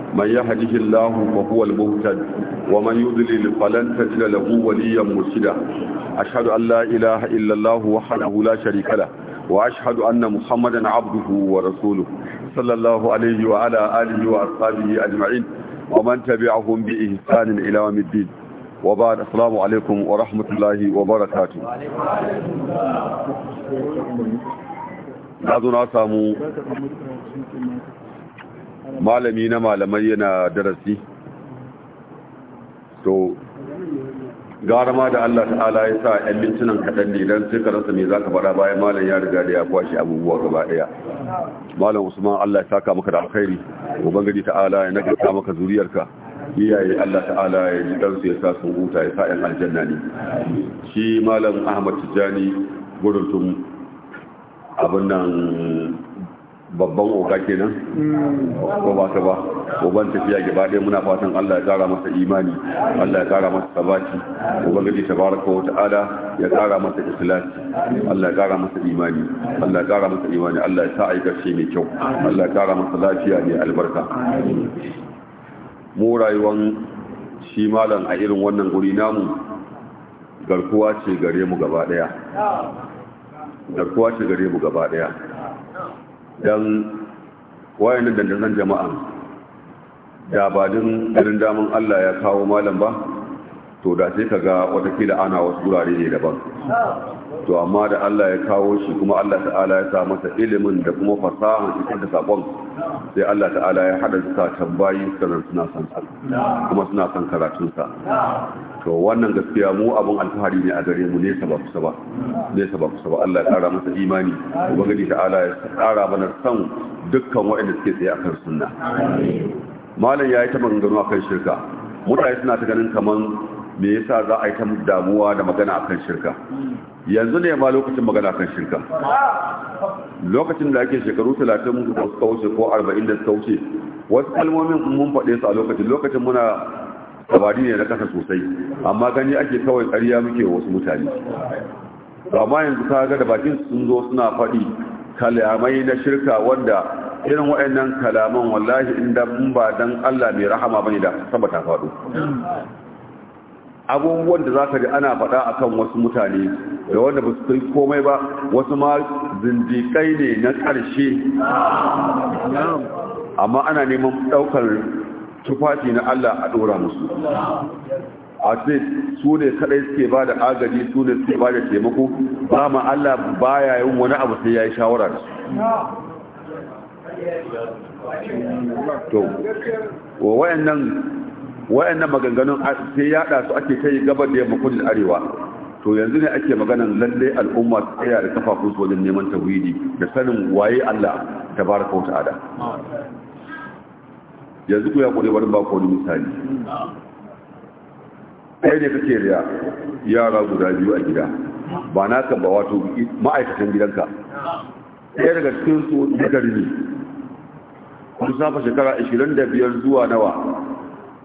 من يهده الله فهو المهتد ومن يضلل فلن تجد له وليا مرشدا أشهد أن لا إله إلا الله وحده لا شريك له وأشهد أن محمدا عبده ورسوله صلى الله عليه وعلى آله وأصحابه أجمعين ومن تبعهم بإحسان إلى يوم الدين وبعد السلام عليكم ورحمة الله وبركاته na zo na samu malami na malamai yana darasi to gara da Allah ta'ala ya sa ‘yan mintunan kaɗan ne don sai ka me mai za ka faɗa bayan malam ya riga da ya kwashe abubuwa gaba ɗaya malam usman Allah ya saka maka da alkhairi ubangiji ta'ala ya nagarta maka zuriyarka iyaye Allah ta'ala ya ji ɗansu ya sa su huta ya sa ‘yan aljanna ne shi malam ahmad tijani gudun abin nan babban oga kenan ko ba ta ba Oban tafiya gaba ɗaya muna fatan Allah ya kara masa imani Allah ya kara masa sabati ubangiji ko ta ada. ya kara masa ikhlasi Allah ya kara masa imani Allah ya kara masa imani Allah ya sa shi mai kyau Allah ya kara masa lafiya ne albarka mu rayuwan shi malam a irin wannan guri namu garkuwa ce gare mu gaba ɗaya garkuwa ce gare mu gaba ɗaya don wayan dandazon jama'a da ba din irin damun Allah ya kawo malam ba to da sai ka ga watakila ana wasu wurare ne daban to amma da Allah ya kawo shi kuma Allah ta'ala ya sa masa ilimin da kuma fasaha, ita da sabon sai Allah ta'ala ya hada su tambayi sanan suna san sa kuma suna san karatun sa to wannan gaskiya mu abun alfahari ne a gare mu ne sabab saba ne sabab saba Allah ya kara masa imani ubangiji ta'ala ya kara mana san dukkan waɗanda suke tsaye akan sunna malam ya yi ta maganganu akan shirka mutane suna ta ganin kaman me yasa za a yi ta damuwa da magana akan shirka yanzu ne ma lokacin magana akan shirka lokacin da ake shekaru 30 da suka wuce ko 40 da suka wuce wasu kalmomin mun faɗe su a lokacin lokacin muna tabari ne na kasa sosai amma gani ake kawai ƙarya muke wasu mutane amma yanzu ka ga da bakin sun zo suna faɗi kalamai na shirka wanda irin wa'annan kalaman wallahi inda mun ba dan Allah mai rahama bane da sabata faɗo abubuwan da za ka ji ana faɗa a kan wasu mutane da wanda ba su kai komai ba wasu ma zindikai ne na ƙarshe amma ana neman ɗaukar tufafi na Allah a ɗora musu a ce su ne kaɗai suke ba da agaji su ne suke ba da taimako ba ma Allah ba ya yin wani abu sai ya yi shawara da su to wayannan wayannan maganganun sai yada su ake kai gabar da yamma kudin arewa to yanzu ne ake maganan lalle al'umma su tsaya da kafafunsu wajen neman tauhidi da sanin waye Allah da bar wa ta'ala yanzu ku ya kure wani ba wani misali ɗaya ne kake riya yara guda biyu a gida ba na kan ba wato ma'aikatan gidanka ɗaya daga cikin su da ne kun safa shekara 25 zuwa nawa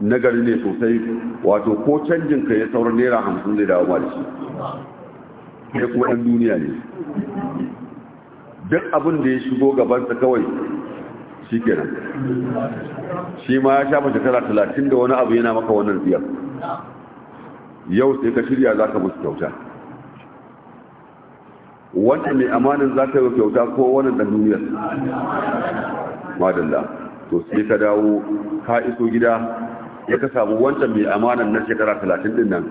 nagari ne sosai wato ko canjin ka ya sauran naira hamsin zai dawo ba da shi ya kuma ɗan duniya ne duk abin da ya shigo gabansa kawai shi kenan shi ma ya shafa shekara talatin da wani abu yana maka wannan biyar yau sai ka shirya za ka musu kyauta wanda mai amanin za ka yi kyauta ko wani ɗan duniyar madalla to sai ka dawo ka iso gida ya ka samu wancan mai amanan na shekara talatin din nan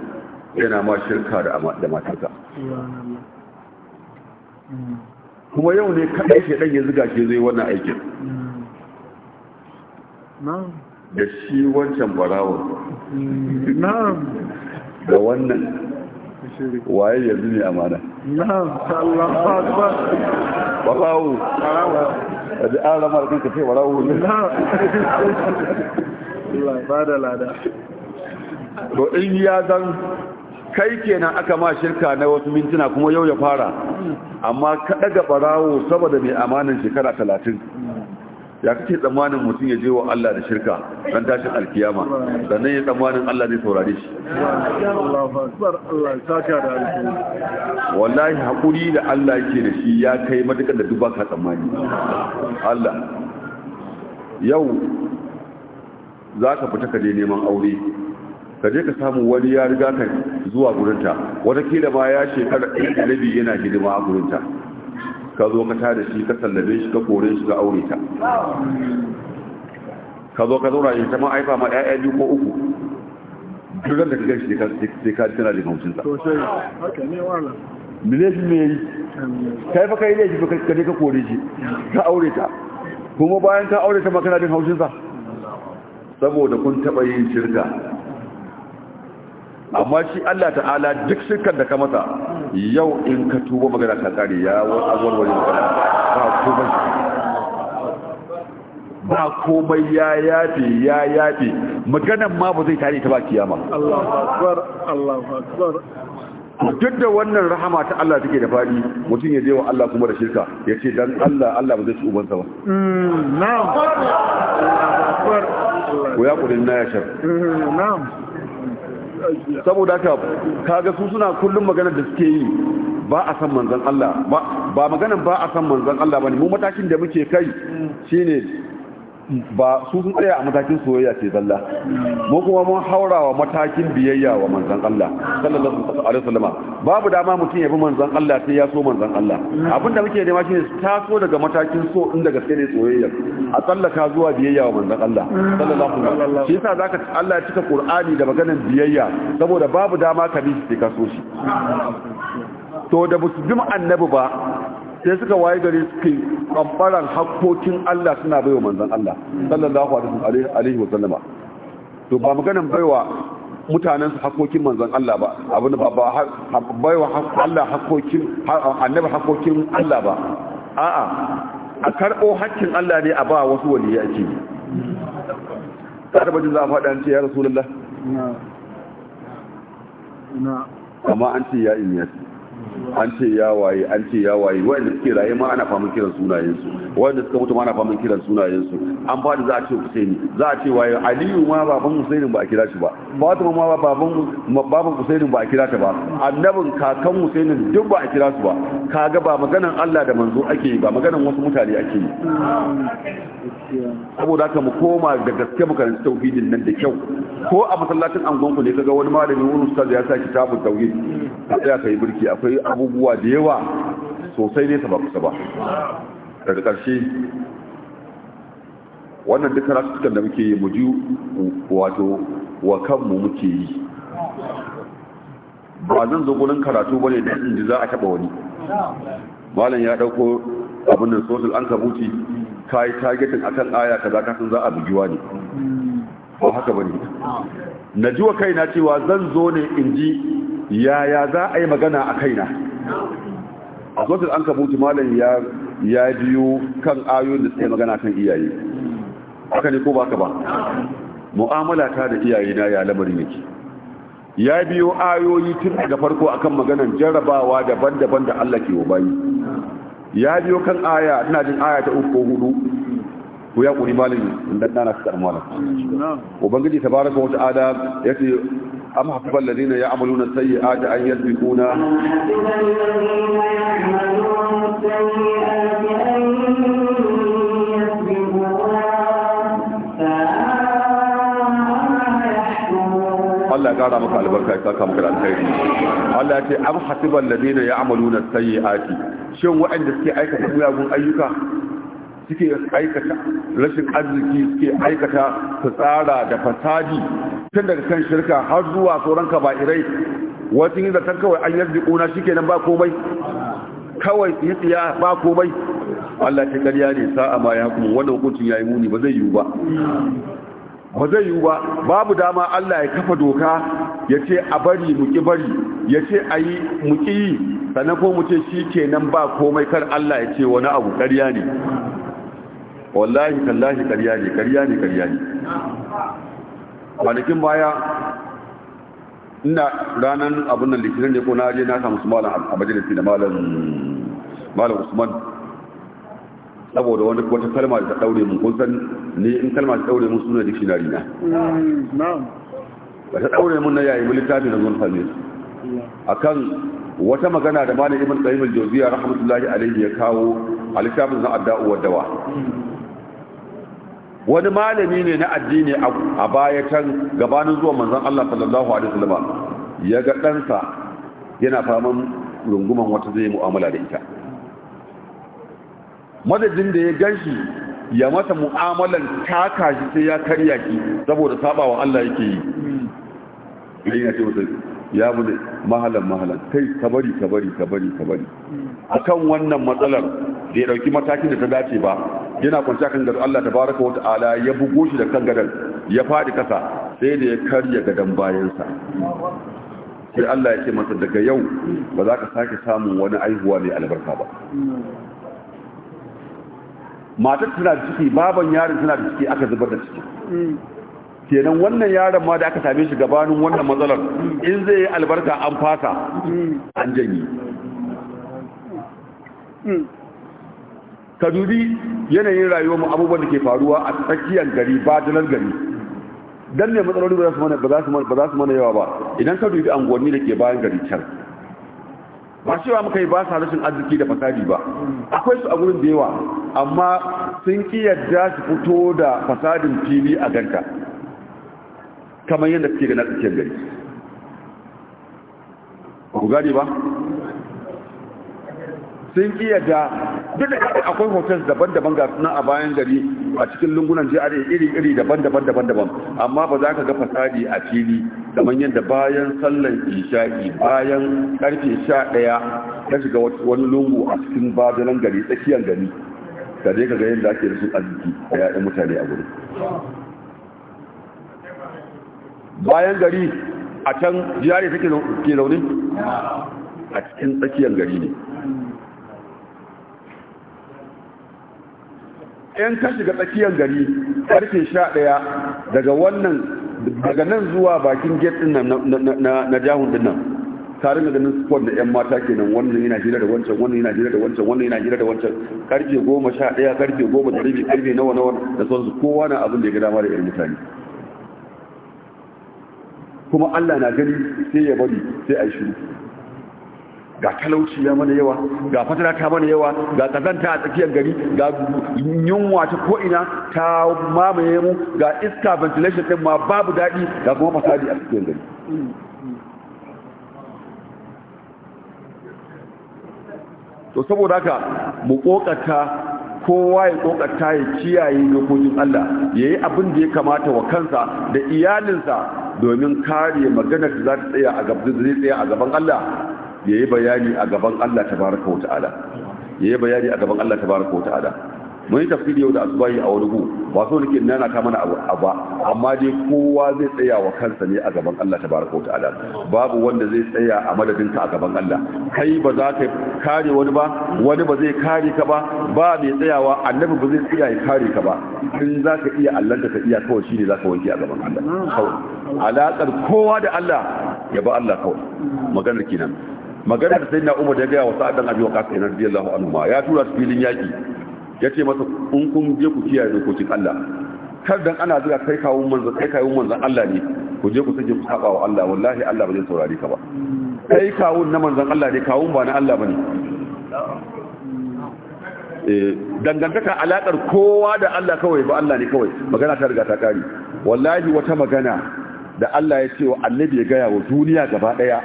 yana ma shirka da matarka kuma yau ne kaɗai ɗan ya ziga ke zai wannan aikin da shi wancan barawon da wannan waye yanzu ne amana barawo a ji an ramar kanka ce barawo ne Allah ba da lada to in ya zan kai kenan aka ma shirka na wasu mintuna kuma yau ya fara amma ka daga barawo saboda mai amanin shekara talatin ya kake tsammanin mutum ya je wa Allah da shirka don tashin alkiyama sannan ya tsammanin Allah zai saurare shi wallahi haƙuri da Allah ke da shi ya kai matuƙar da duk baka tsammani Allah yau za ka fita ka je neman aure ka je ka samu wani ya riga ka zuwa gurinta watakila ma ya shekara ɗaya da rabi yana hidima a gurinta ka zo ka tada shi ka sallabe shi ka kore shi ka aure ta ka zo ka zaura yin ta ma'aifa ma ɗaya biyu ko uku duran da ka gan shi sai ka tana da haushinsa mene shi me yi ka yi fa ka yi ne shi ka je ka kore shi ka aure ta kuma bayan ka aure ta ma kana jin haushinsa saboda kun taɓa yin shirka amma shi Allah ta'ala duk shirkan da ka mata yau in ka tuba magana ka tsari ya warware magana ba komai ba komai ya yafe ya yafe maganan ma ba zai tare ta ba kiyama duk da wannan rahama ta Allah take da fadi mutum ya je wa Allah kuma da shirka ya ce dan Allah Allah ba zai ci ubansa ba mm, na'am wa yaqulun na yashar eh, saboda ka kaga su suna kullum magana da suke yi ba a san manzon Allah ba ba ba a san manzon Allah bane mu matakin da muke kai shine ba su sun tsaya a matakin soyayya ce zalla mu kuma mun haura wa matakin biyayya wa manzon Allah sallallahu alaihi wasallam babu dama mutum ya bi manzon Allah sai ya so manzon Allah abinda muke nema shine taso daga matakin so in daga sai ne soyayya a tsallaka zuwa biyayya wa manzon Allah sallallahu alaihi wasallam shi yasa zaka Allah ya cika Qur'ani da maganar biyayya saboda babu dama ka bi shi sai ka so shi to da musulmi annabi ba sai suka waye gare suka yi ɓamɓaran hakkokin Allah suna baiwa manzan Allah sallallahu alaihi wa sallama to ba maganin baiwa mutanen su hakkokin manzan Allah ba abin da ba baiwa Allah hakkokin annabi hakkokin Allah ba a'a a karɓo hakkin Allah ne a ba wasu ya ce tarbajin za a faɗa ce ya rasulullah amma an ce ya in yasi an ce ya waye an ce ya waye wanda suke raye ma ana fama kiran sunayen su wanda suka mutu ma ana fama kiran sunayen su an fadi za a ce Husaini za a ce waye Aliyu ma baban Husaini ba a kira shi ba Fatima ma baban baban Husaini ba a kira ta ba annabin kakan Husaini duk ba a kira su ba kaga ba maganan Allah da manzo ake yi ba maganan wasu mutane ake yi saboda haka mu koma da gaske mu karanta tauhidin nan da kyau ko a masallacin angon ku ne kaga wani malami wani ustaz ya sa kitabun tauhid sai ka yi burki akwai abu abubuwa da yawa sosai nesa ba kusa ba daga ƙarshe wannan duka rasukan da muke yi muji wato wa kanmu muke yi ba zan zo gurin karatu bane da inda za a taba wani malam ya ɗauko abin da sosul an ka yi targetin akan aya kaza ka sun za a bugiwa ne ba haka bane ji wa kaina cewa zan zo ne in ji yaya za a yi magana a kaina a sotar an kabuti malin ya biyo kan ayoyin da suke magana kan iyaye haka ne ko ba ka ba mu'amala ta da iyaye na ya lamari yake ya biyo ayoyi tun daga farko akan maganan jarrabawa daban-daban da Allah ke bayi ya biyo kan aya ina jin aya ta uku ko hudu ko ya kuri malin dan dana su malam ubangiji tabaraka wa ta'ala yace أم حسب الذين يعملون السيئات أن يسبقونا الله قال مك على بركة تلك مكران خير الله أتي أم حسب الذين يعملون السيئات شو وعند السيئات يقولون أيك suke aikata rashin arziki suke aikata su tsara da fasadi tun daga kan shirka har zuwa sauran ba'irai wasu yin zaton kawai an yarda kuna shi kenan ba komai kawai yi tsiya ba komai Allah ta karya ne sa'a ma ya kuma wanda hukuncin ya yi muni ba zai yiwu ba ba zai yiwu ba babu dama Allah ya kafa doka ya ce a bari muki bari ya ce a yi muki yi sannan ko mu ce shi kenan ba komai kar Allah ya ce wani abu karya ne wallahi kallahi ƙarya ne ƙarya ne ƙarya ne cikin baya ina ranar abin nan litinin ne ko na je na samu su malam a majalisi da malam usman saboda wani wata kalma da ta daure mun kun san ni in kalma ta daure mun suna dictionary na ba ta daure mun na yayi mun littafi na zuwan A akan wata magana da malam ibn qayyim al-jawziya rahmatullahi alayhi ya kawo a littafin za a wa dawa wani malami ne na addini a baya can gabanin zuwa Manzan Allah sallallahu alaihi wasallam ya ga ɗansa yana faman runguman wata zai mu'amala da ita madadin da ya ganshi ya mata mu'amalan taka shi sai ya karya ki saboda wa Allah yake yi ya bude mahalan mahalan kai ka bari ka bari ka bari akan wannan matsalar da ya dauki matakin da ta dace ba yana kwanci kan gado Allah baraka wa ta'ala ya bugo shi da kan gadon ya fadi kasa sai da ya karya gadon bayansa sai Allah ya ce masa daga yau ba za ka sake samun wani aihuwa mai albarka ba matar tana da ciki baban yarin tana da ciki aka zubar da ciki kenan wannan yaron ma da aka same shi gabanin wannan matsalar in zai yi albarka an fata, an janye ka dubi yanayin rayuwar mu abubuwan da ke faruwa a tsakiyar gari ba janar gari dan ne matsaloli ba za su mana yawa ba idan ka dubi anguwanni da ke bayan gari can ba cewa muka yi ba sa rashin arziki da fasadi ba akwai su a wurin da yawa amma sun ki yadda su fito da fasadin fili a ganta kamar yadda suke gana tsakiyar gari ku gani ba sun iya da duk da akwai hotels daban-daban ga suna a bayan gari a cikin lungunan jihar iri-iri daban-daban daban-daban amma ba za ka ga fasadi a fili kamar yadda bayan sallan isha'i bayan karfe sha ɗaya ka shiga wani lungu a cikin bajalan gari tsakiyar gari ka je ka ga yadda ake da su arziki a yaɗin mutane a gurin bayan gari a can jiyari take ke launin a cikin tsakiyar gari ne Yan ka shiga tsakiyar gari karfe sha ɗaya daga wannan daga nan zuwa bakin gate din nan na jahun din nan tare da ganin sport da yan mata kenan wannan yana jira da wancan wannan yana jira da wancan wannan yana jira da wancan karfe goma sha ɗaya karfe goma da rabi karfe nawa nawa da sauransu kowa na abin da ya ga dama da irin mutane kuma Allah na gani sai ya bari sai a yi shiru ga talauci ya mana yawa ga fatara ta mana yawa ga kazanta a tsakiyar gari ga yunwa ta ko'ina ta mamaye mu ga iska ventilation ɗin ma babu daɗi ga kuma fasadi a tsakiyar gari to saboda haka mu ƙoƙata, kowa ya ƙoƙata ya kiyaye dokokin Allah ya yi abin da ya kamata wa kansa da iyalinsa domin kare magana da za ta tsaya a gaban zai tsaya a gaban Allah yayi bayani a gaban Allah tabaraka wa ta'ala yayi bayani a gaban Allah tabaraka wa ta'ala mun yi tafsiri yau da asubahi a wani gu ba so nake nana ta mana abu ba amma dai kowa zai tsaya wa kansa ne a gaban Allah tabaraka ta'ala babu wanda zai tsaya a madadin ka a gaban Allah kai ba za ka kare wani ba wani ba zai kare ka ba ba mai tsayawa annabi ba zai tsaya ya kare ka ba in za ka iya Allah ka iya kawai shine za ka wanke a gaban Allah kawai alaƙar kowa da Allah ya ba Allah kawai maganar kenan maganar da sayyidina Umar da ya ga wa sa'adan Abi Waqqas radiyallahu anhu ya tura filin yaki ya ce masa in kun je ku kiyaye dokokin Allah kar dan ana zuwa kai kawo manzo kai kawo manzo Allah ne ku je ku sake ku saba wa Allah wallahi Allah ba zai saurare ka ba kai kawo na manzo Allah ne kawo ba na Allah bane eh dangantaka alakar kowa da Allah kawai ba Allah ne kawai magana ta riga ta kare wallahi wata magana da Allah ya ce wa annabi ya gaya wa duniya gaba daya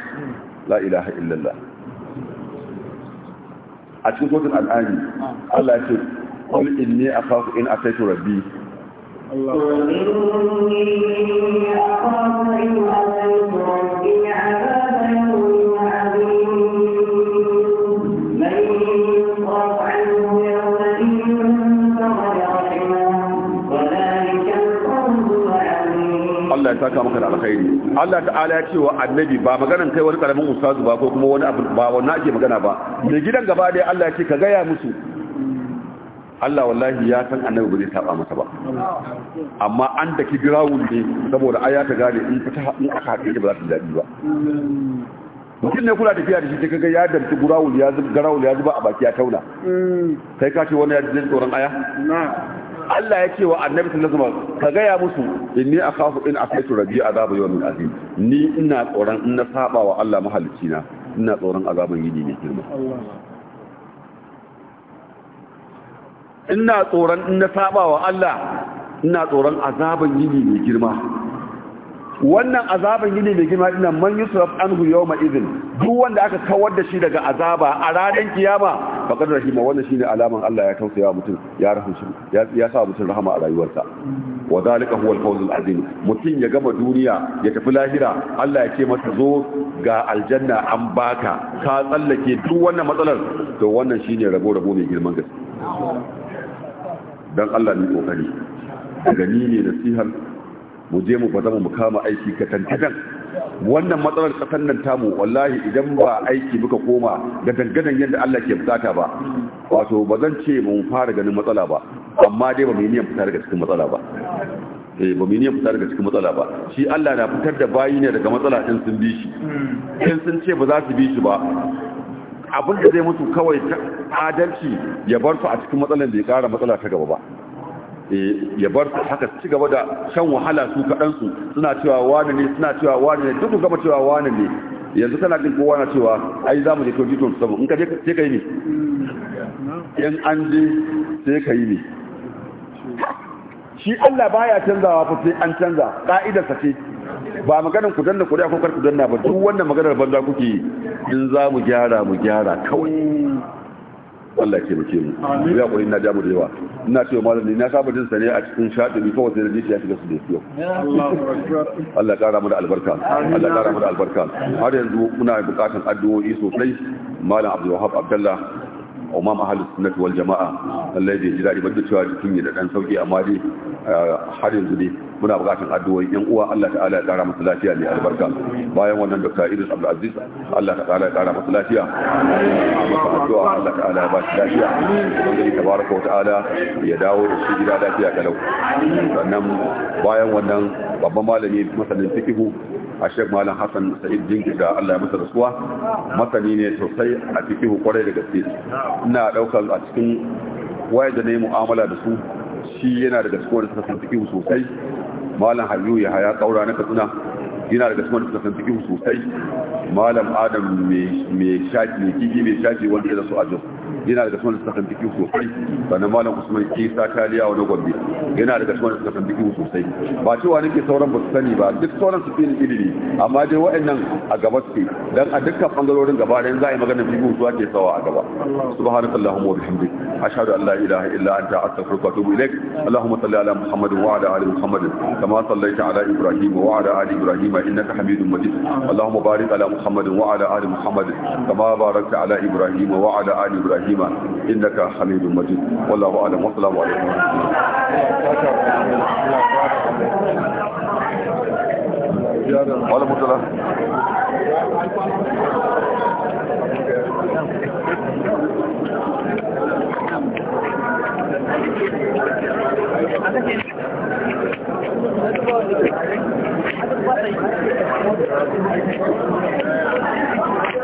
la ilaha illallah a cikin sotun al'ani Allah ya ce kul inni akhafu in ataitu rabbi Allah inni akhafu Allah ya saka maka da alkhairi Allah ta'ala ya ce wa annabi ba maganan kai wani karamin ustazu ba ko kuma wani abu ba wannan ake magana ba da gidan gaba dai Allah ya ce ka gaya musu Allah wallahi ya san annabi ba zai saba masa ba amma an daki girawun ne saboda aya ta gane in fita in aka haɗe ba za ta daɗi ba mutum ne kula tafiya da shi kaga ya damci gurawul ya zuba garawul ya zuba a baki ya taula mm. kai ka ce wani ya jin tsoron aya Allah ya ce wa annabi sallallahu alaihi ka gaya musu inni kafu in a kai rabi a azabu yawmin azim ni ina tsoron in na saba wa Allah mahalicci na ina tsoron a azaban yini mai girma ina tsoron in na saba wa Allah ina tsoron a azaban yini mai girma wannan azaban yini mai girma dinan man an anhu yawma izini duk wanda aka kawar da shi daga azaba a ranar kiyama faqad rahima wannan shine alaman Allah ya tausaya mutum ya rahimshi ya sa mutum rahama a rayuwarsa wa zalika huwa al azim mutum ya gama duniya ya tafi lahira Allah ya ce masa zo ga aljanna an baka ka tsallake duk wannan matsalar to wannan shine rabo rabo mai girman gaske dan Allah ne kokari daga ni ne nasihar mu je mu zama mu kama aiki tantadan wannan matsalar kasan nan tamu wallahi idan ba aiki muka koma ga dangadan yadda Allah ke bukata ba wato ba zan ce mu fara ganin matsala ba amma dai ba mu yi niyyar fita daga cikin matsala ba eh ba mu yi niyyar fita daga cikin matsala ba shi Allah na fitar da bayi ne daga matsala din sun bi shi in sun ce ba za su bi shi ba Abinda zai mutu kawai adalci ya bar su a cikin matsalar da ya kara matsala ta gaba ba ya bar su haka su gaba da shan wahala su kaɗansu suna cewa wani ne suna cewa wani ne duk gama cewa wani ne yanzu tana jin kowa na cewa ai za mu je 2027 in ka je sai ka yi ne in an je sai ka yi ne shi Allah baya canzawa fa sai an canza ka'idar sa ce ba maganar ku danna kuri'a ko kar ku danna ba duk wannan maganar banza kuke yi, in za mu gyara mu gyara kawai Allah ke muke mu ya kuri na jamu da yawa ina cewa malami na saba jin sane a cikin shaɗi bi kawai sai da ya shiga su da yau Allah ya kara mu da albarka Allah ya kara mu da albarka har yanzu muna buƙatar addu'o'i sosai malam Abdul Wahab Abdullah umam ahlus sunnah wal jamaa Allah ya ji daɗi. bada cewa jikin ya da dan sauki amma dai har yanzu ne muna bukatun addu'o'i yan uwa Allah ta'ala ya kara masa lafiya ne albarka bayan wannan Dr. Idris Abdul Aziz Allah ta'ala ya kara masa lafiya masa addu'a Allah ta'ala ya ba shi lafiya wanda tabaraka wa ta'ala ya dawo da shi gida lafiya kalau sannan bayan wannan babban malami masanin fikihu a shek malam hassan sa'id jinki da allah ya masa rasuwa masani ne sosai a cikin kwarai da gaske ina daukar a cikin wayar da na yi mu'amala da su shi yana da cikin wanda suka san fiqh sosai malam hayu ya haya tsaura na katsina yana da cikin wanda suka san fiqh sosai malam adam mai shaki mai kiki mai shaki wanda ya zasu a jos yana daga cikin suka fantiki sosai sannan malam usman isa kaliya wani gombe yana daga cikin suka fantiki sosai ba cewa nake sauran ba su sani ba duk sauran su fiye ilimi amma dai wa'annan a gaba suke dan a dukkan bangarorin gaba da za a yi magana fiye zuwa ake sawa a gaba subhanaka allahumma wa bihamdik ashhadu an la ilaha illa anta astaghfiruka wa atubu ilaik allahumma salli ala muhammad wa ala ali muhammad kama sallaita ala ibrahim wa ala ali ibrahim innaka hamidum majid allahumma barik ala muhammad wa ala ali muhammad kama barakta ala ibrahim wa ala حكيما إنك حميد مجيد والله أعلم والسلام عليكم ورحمة الله Thank you.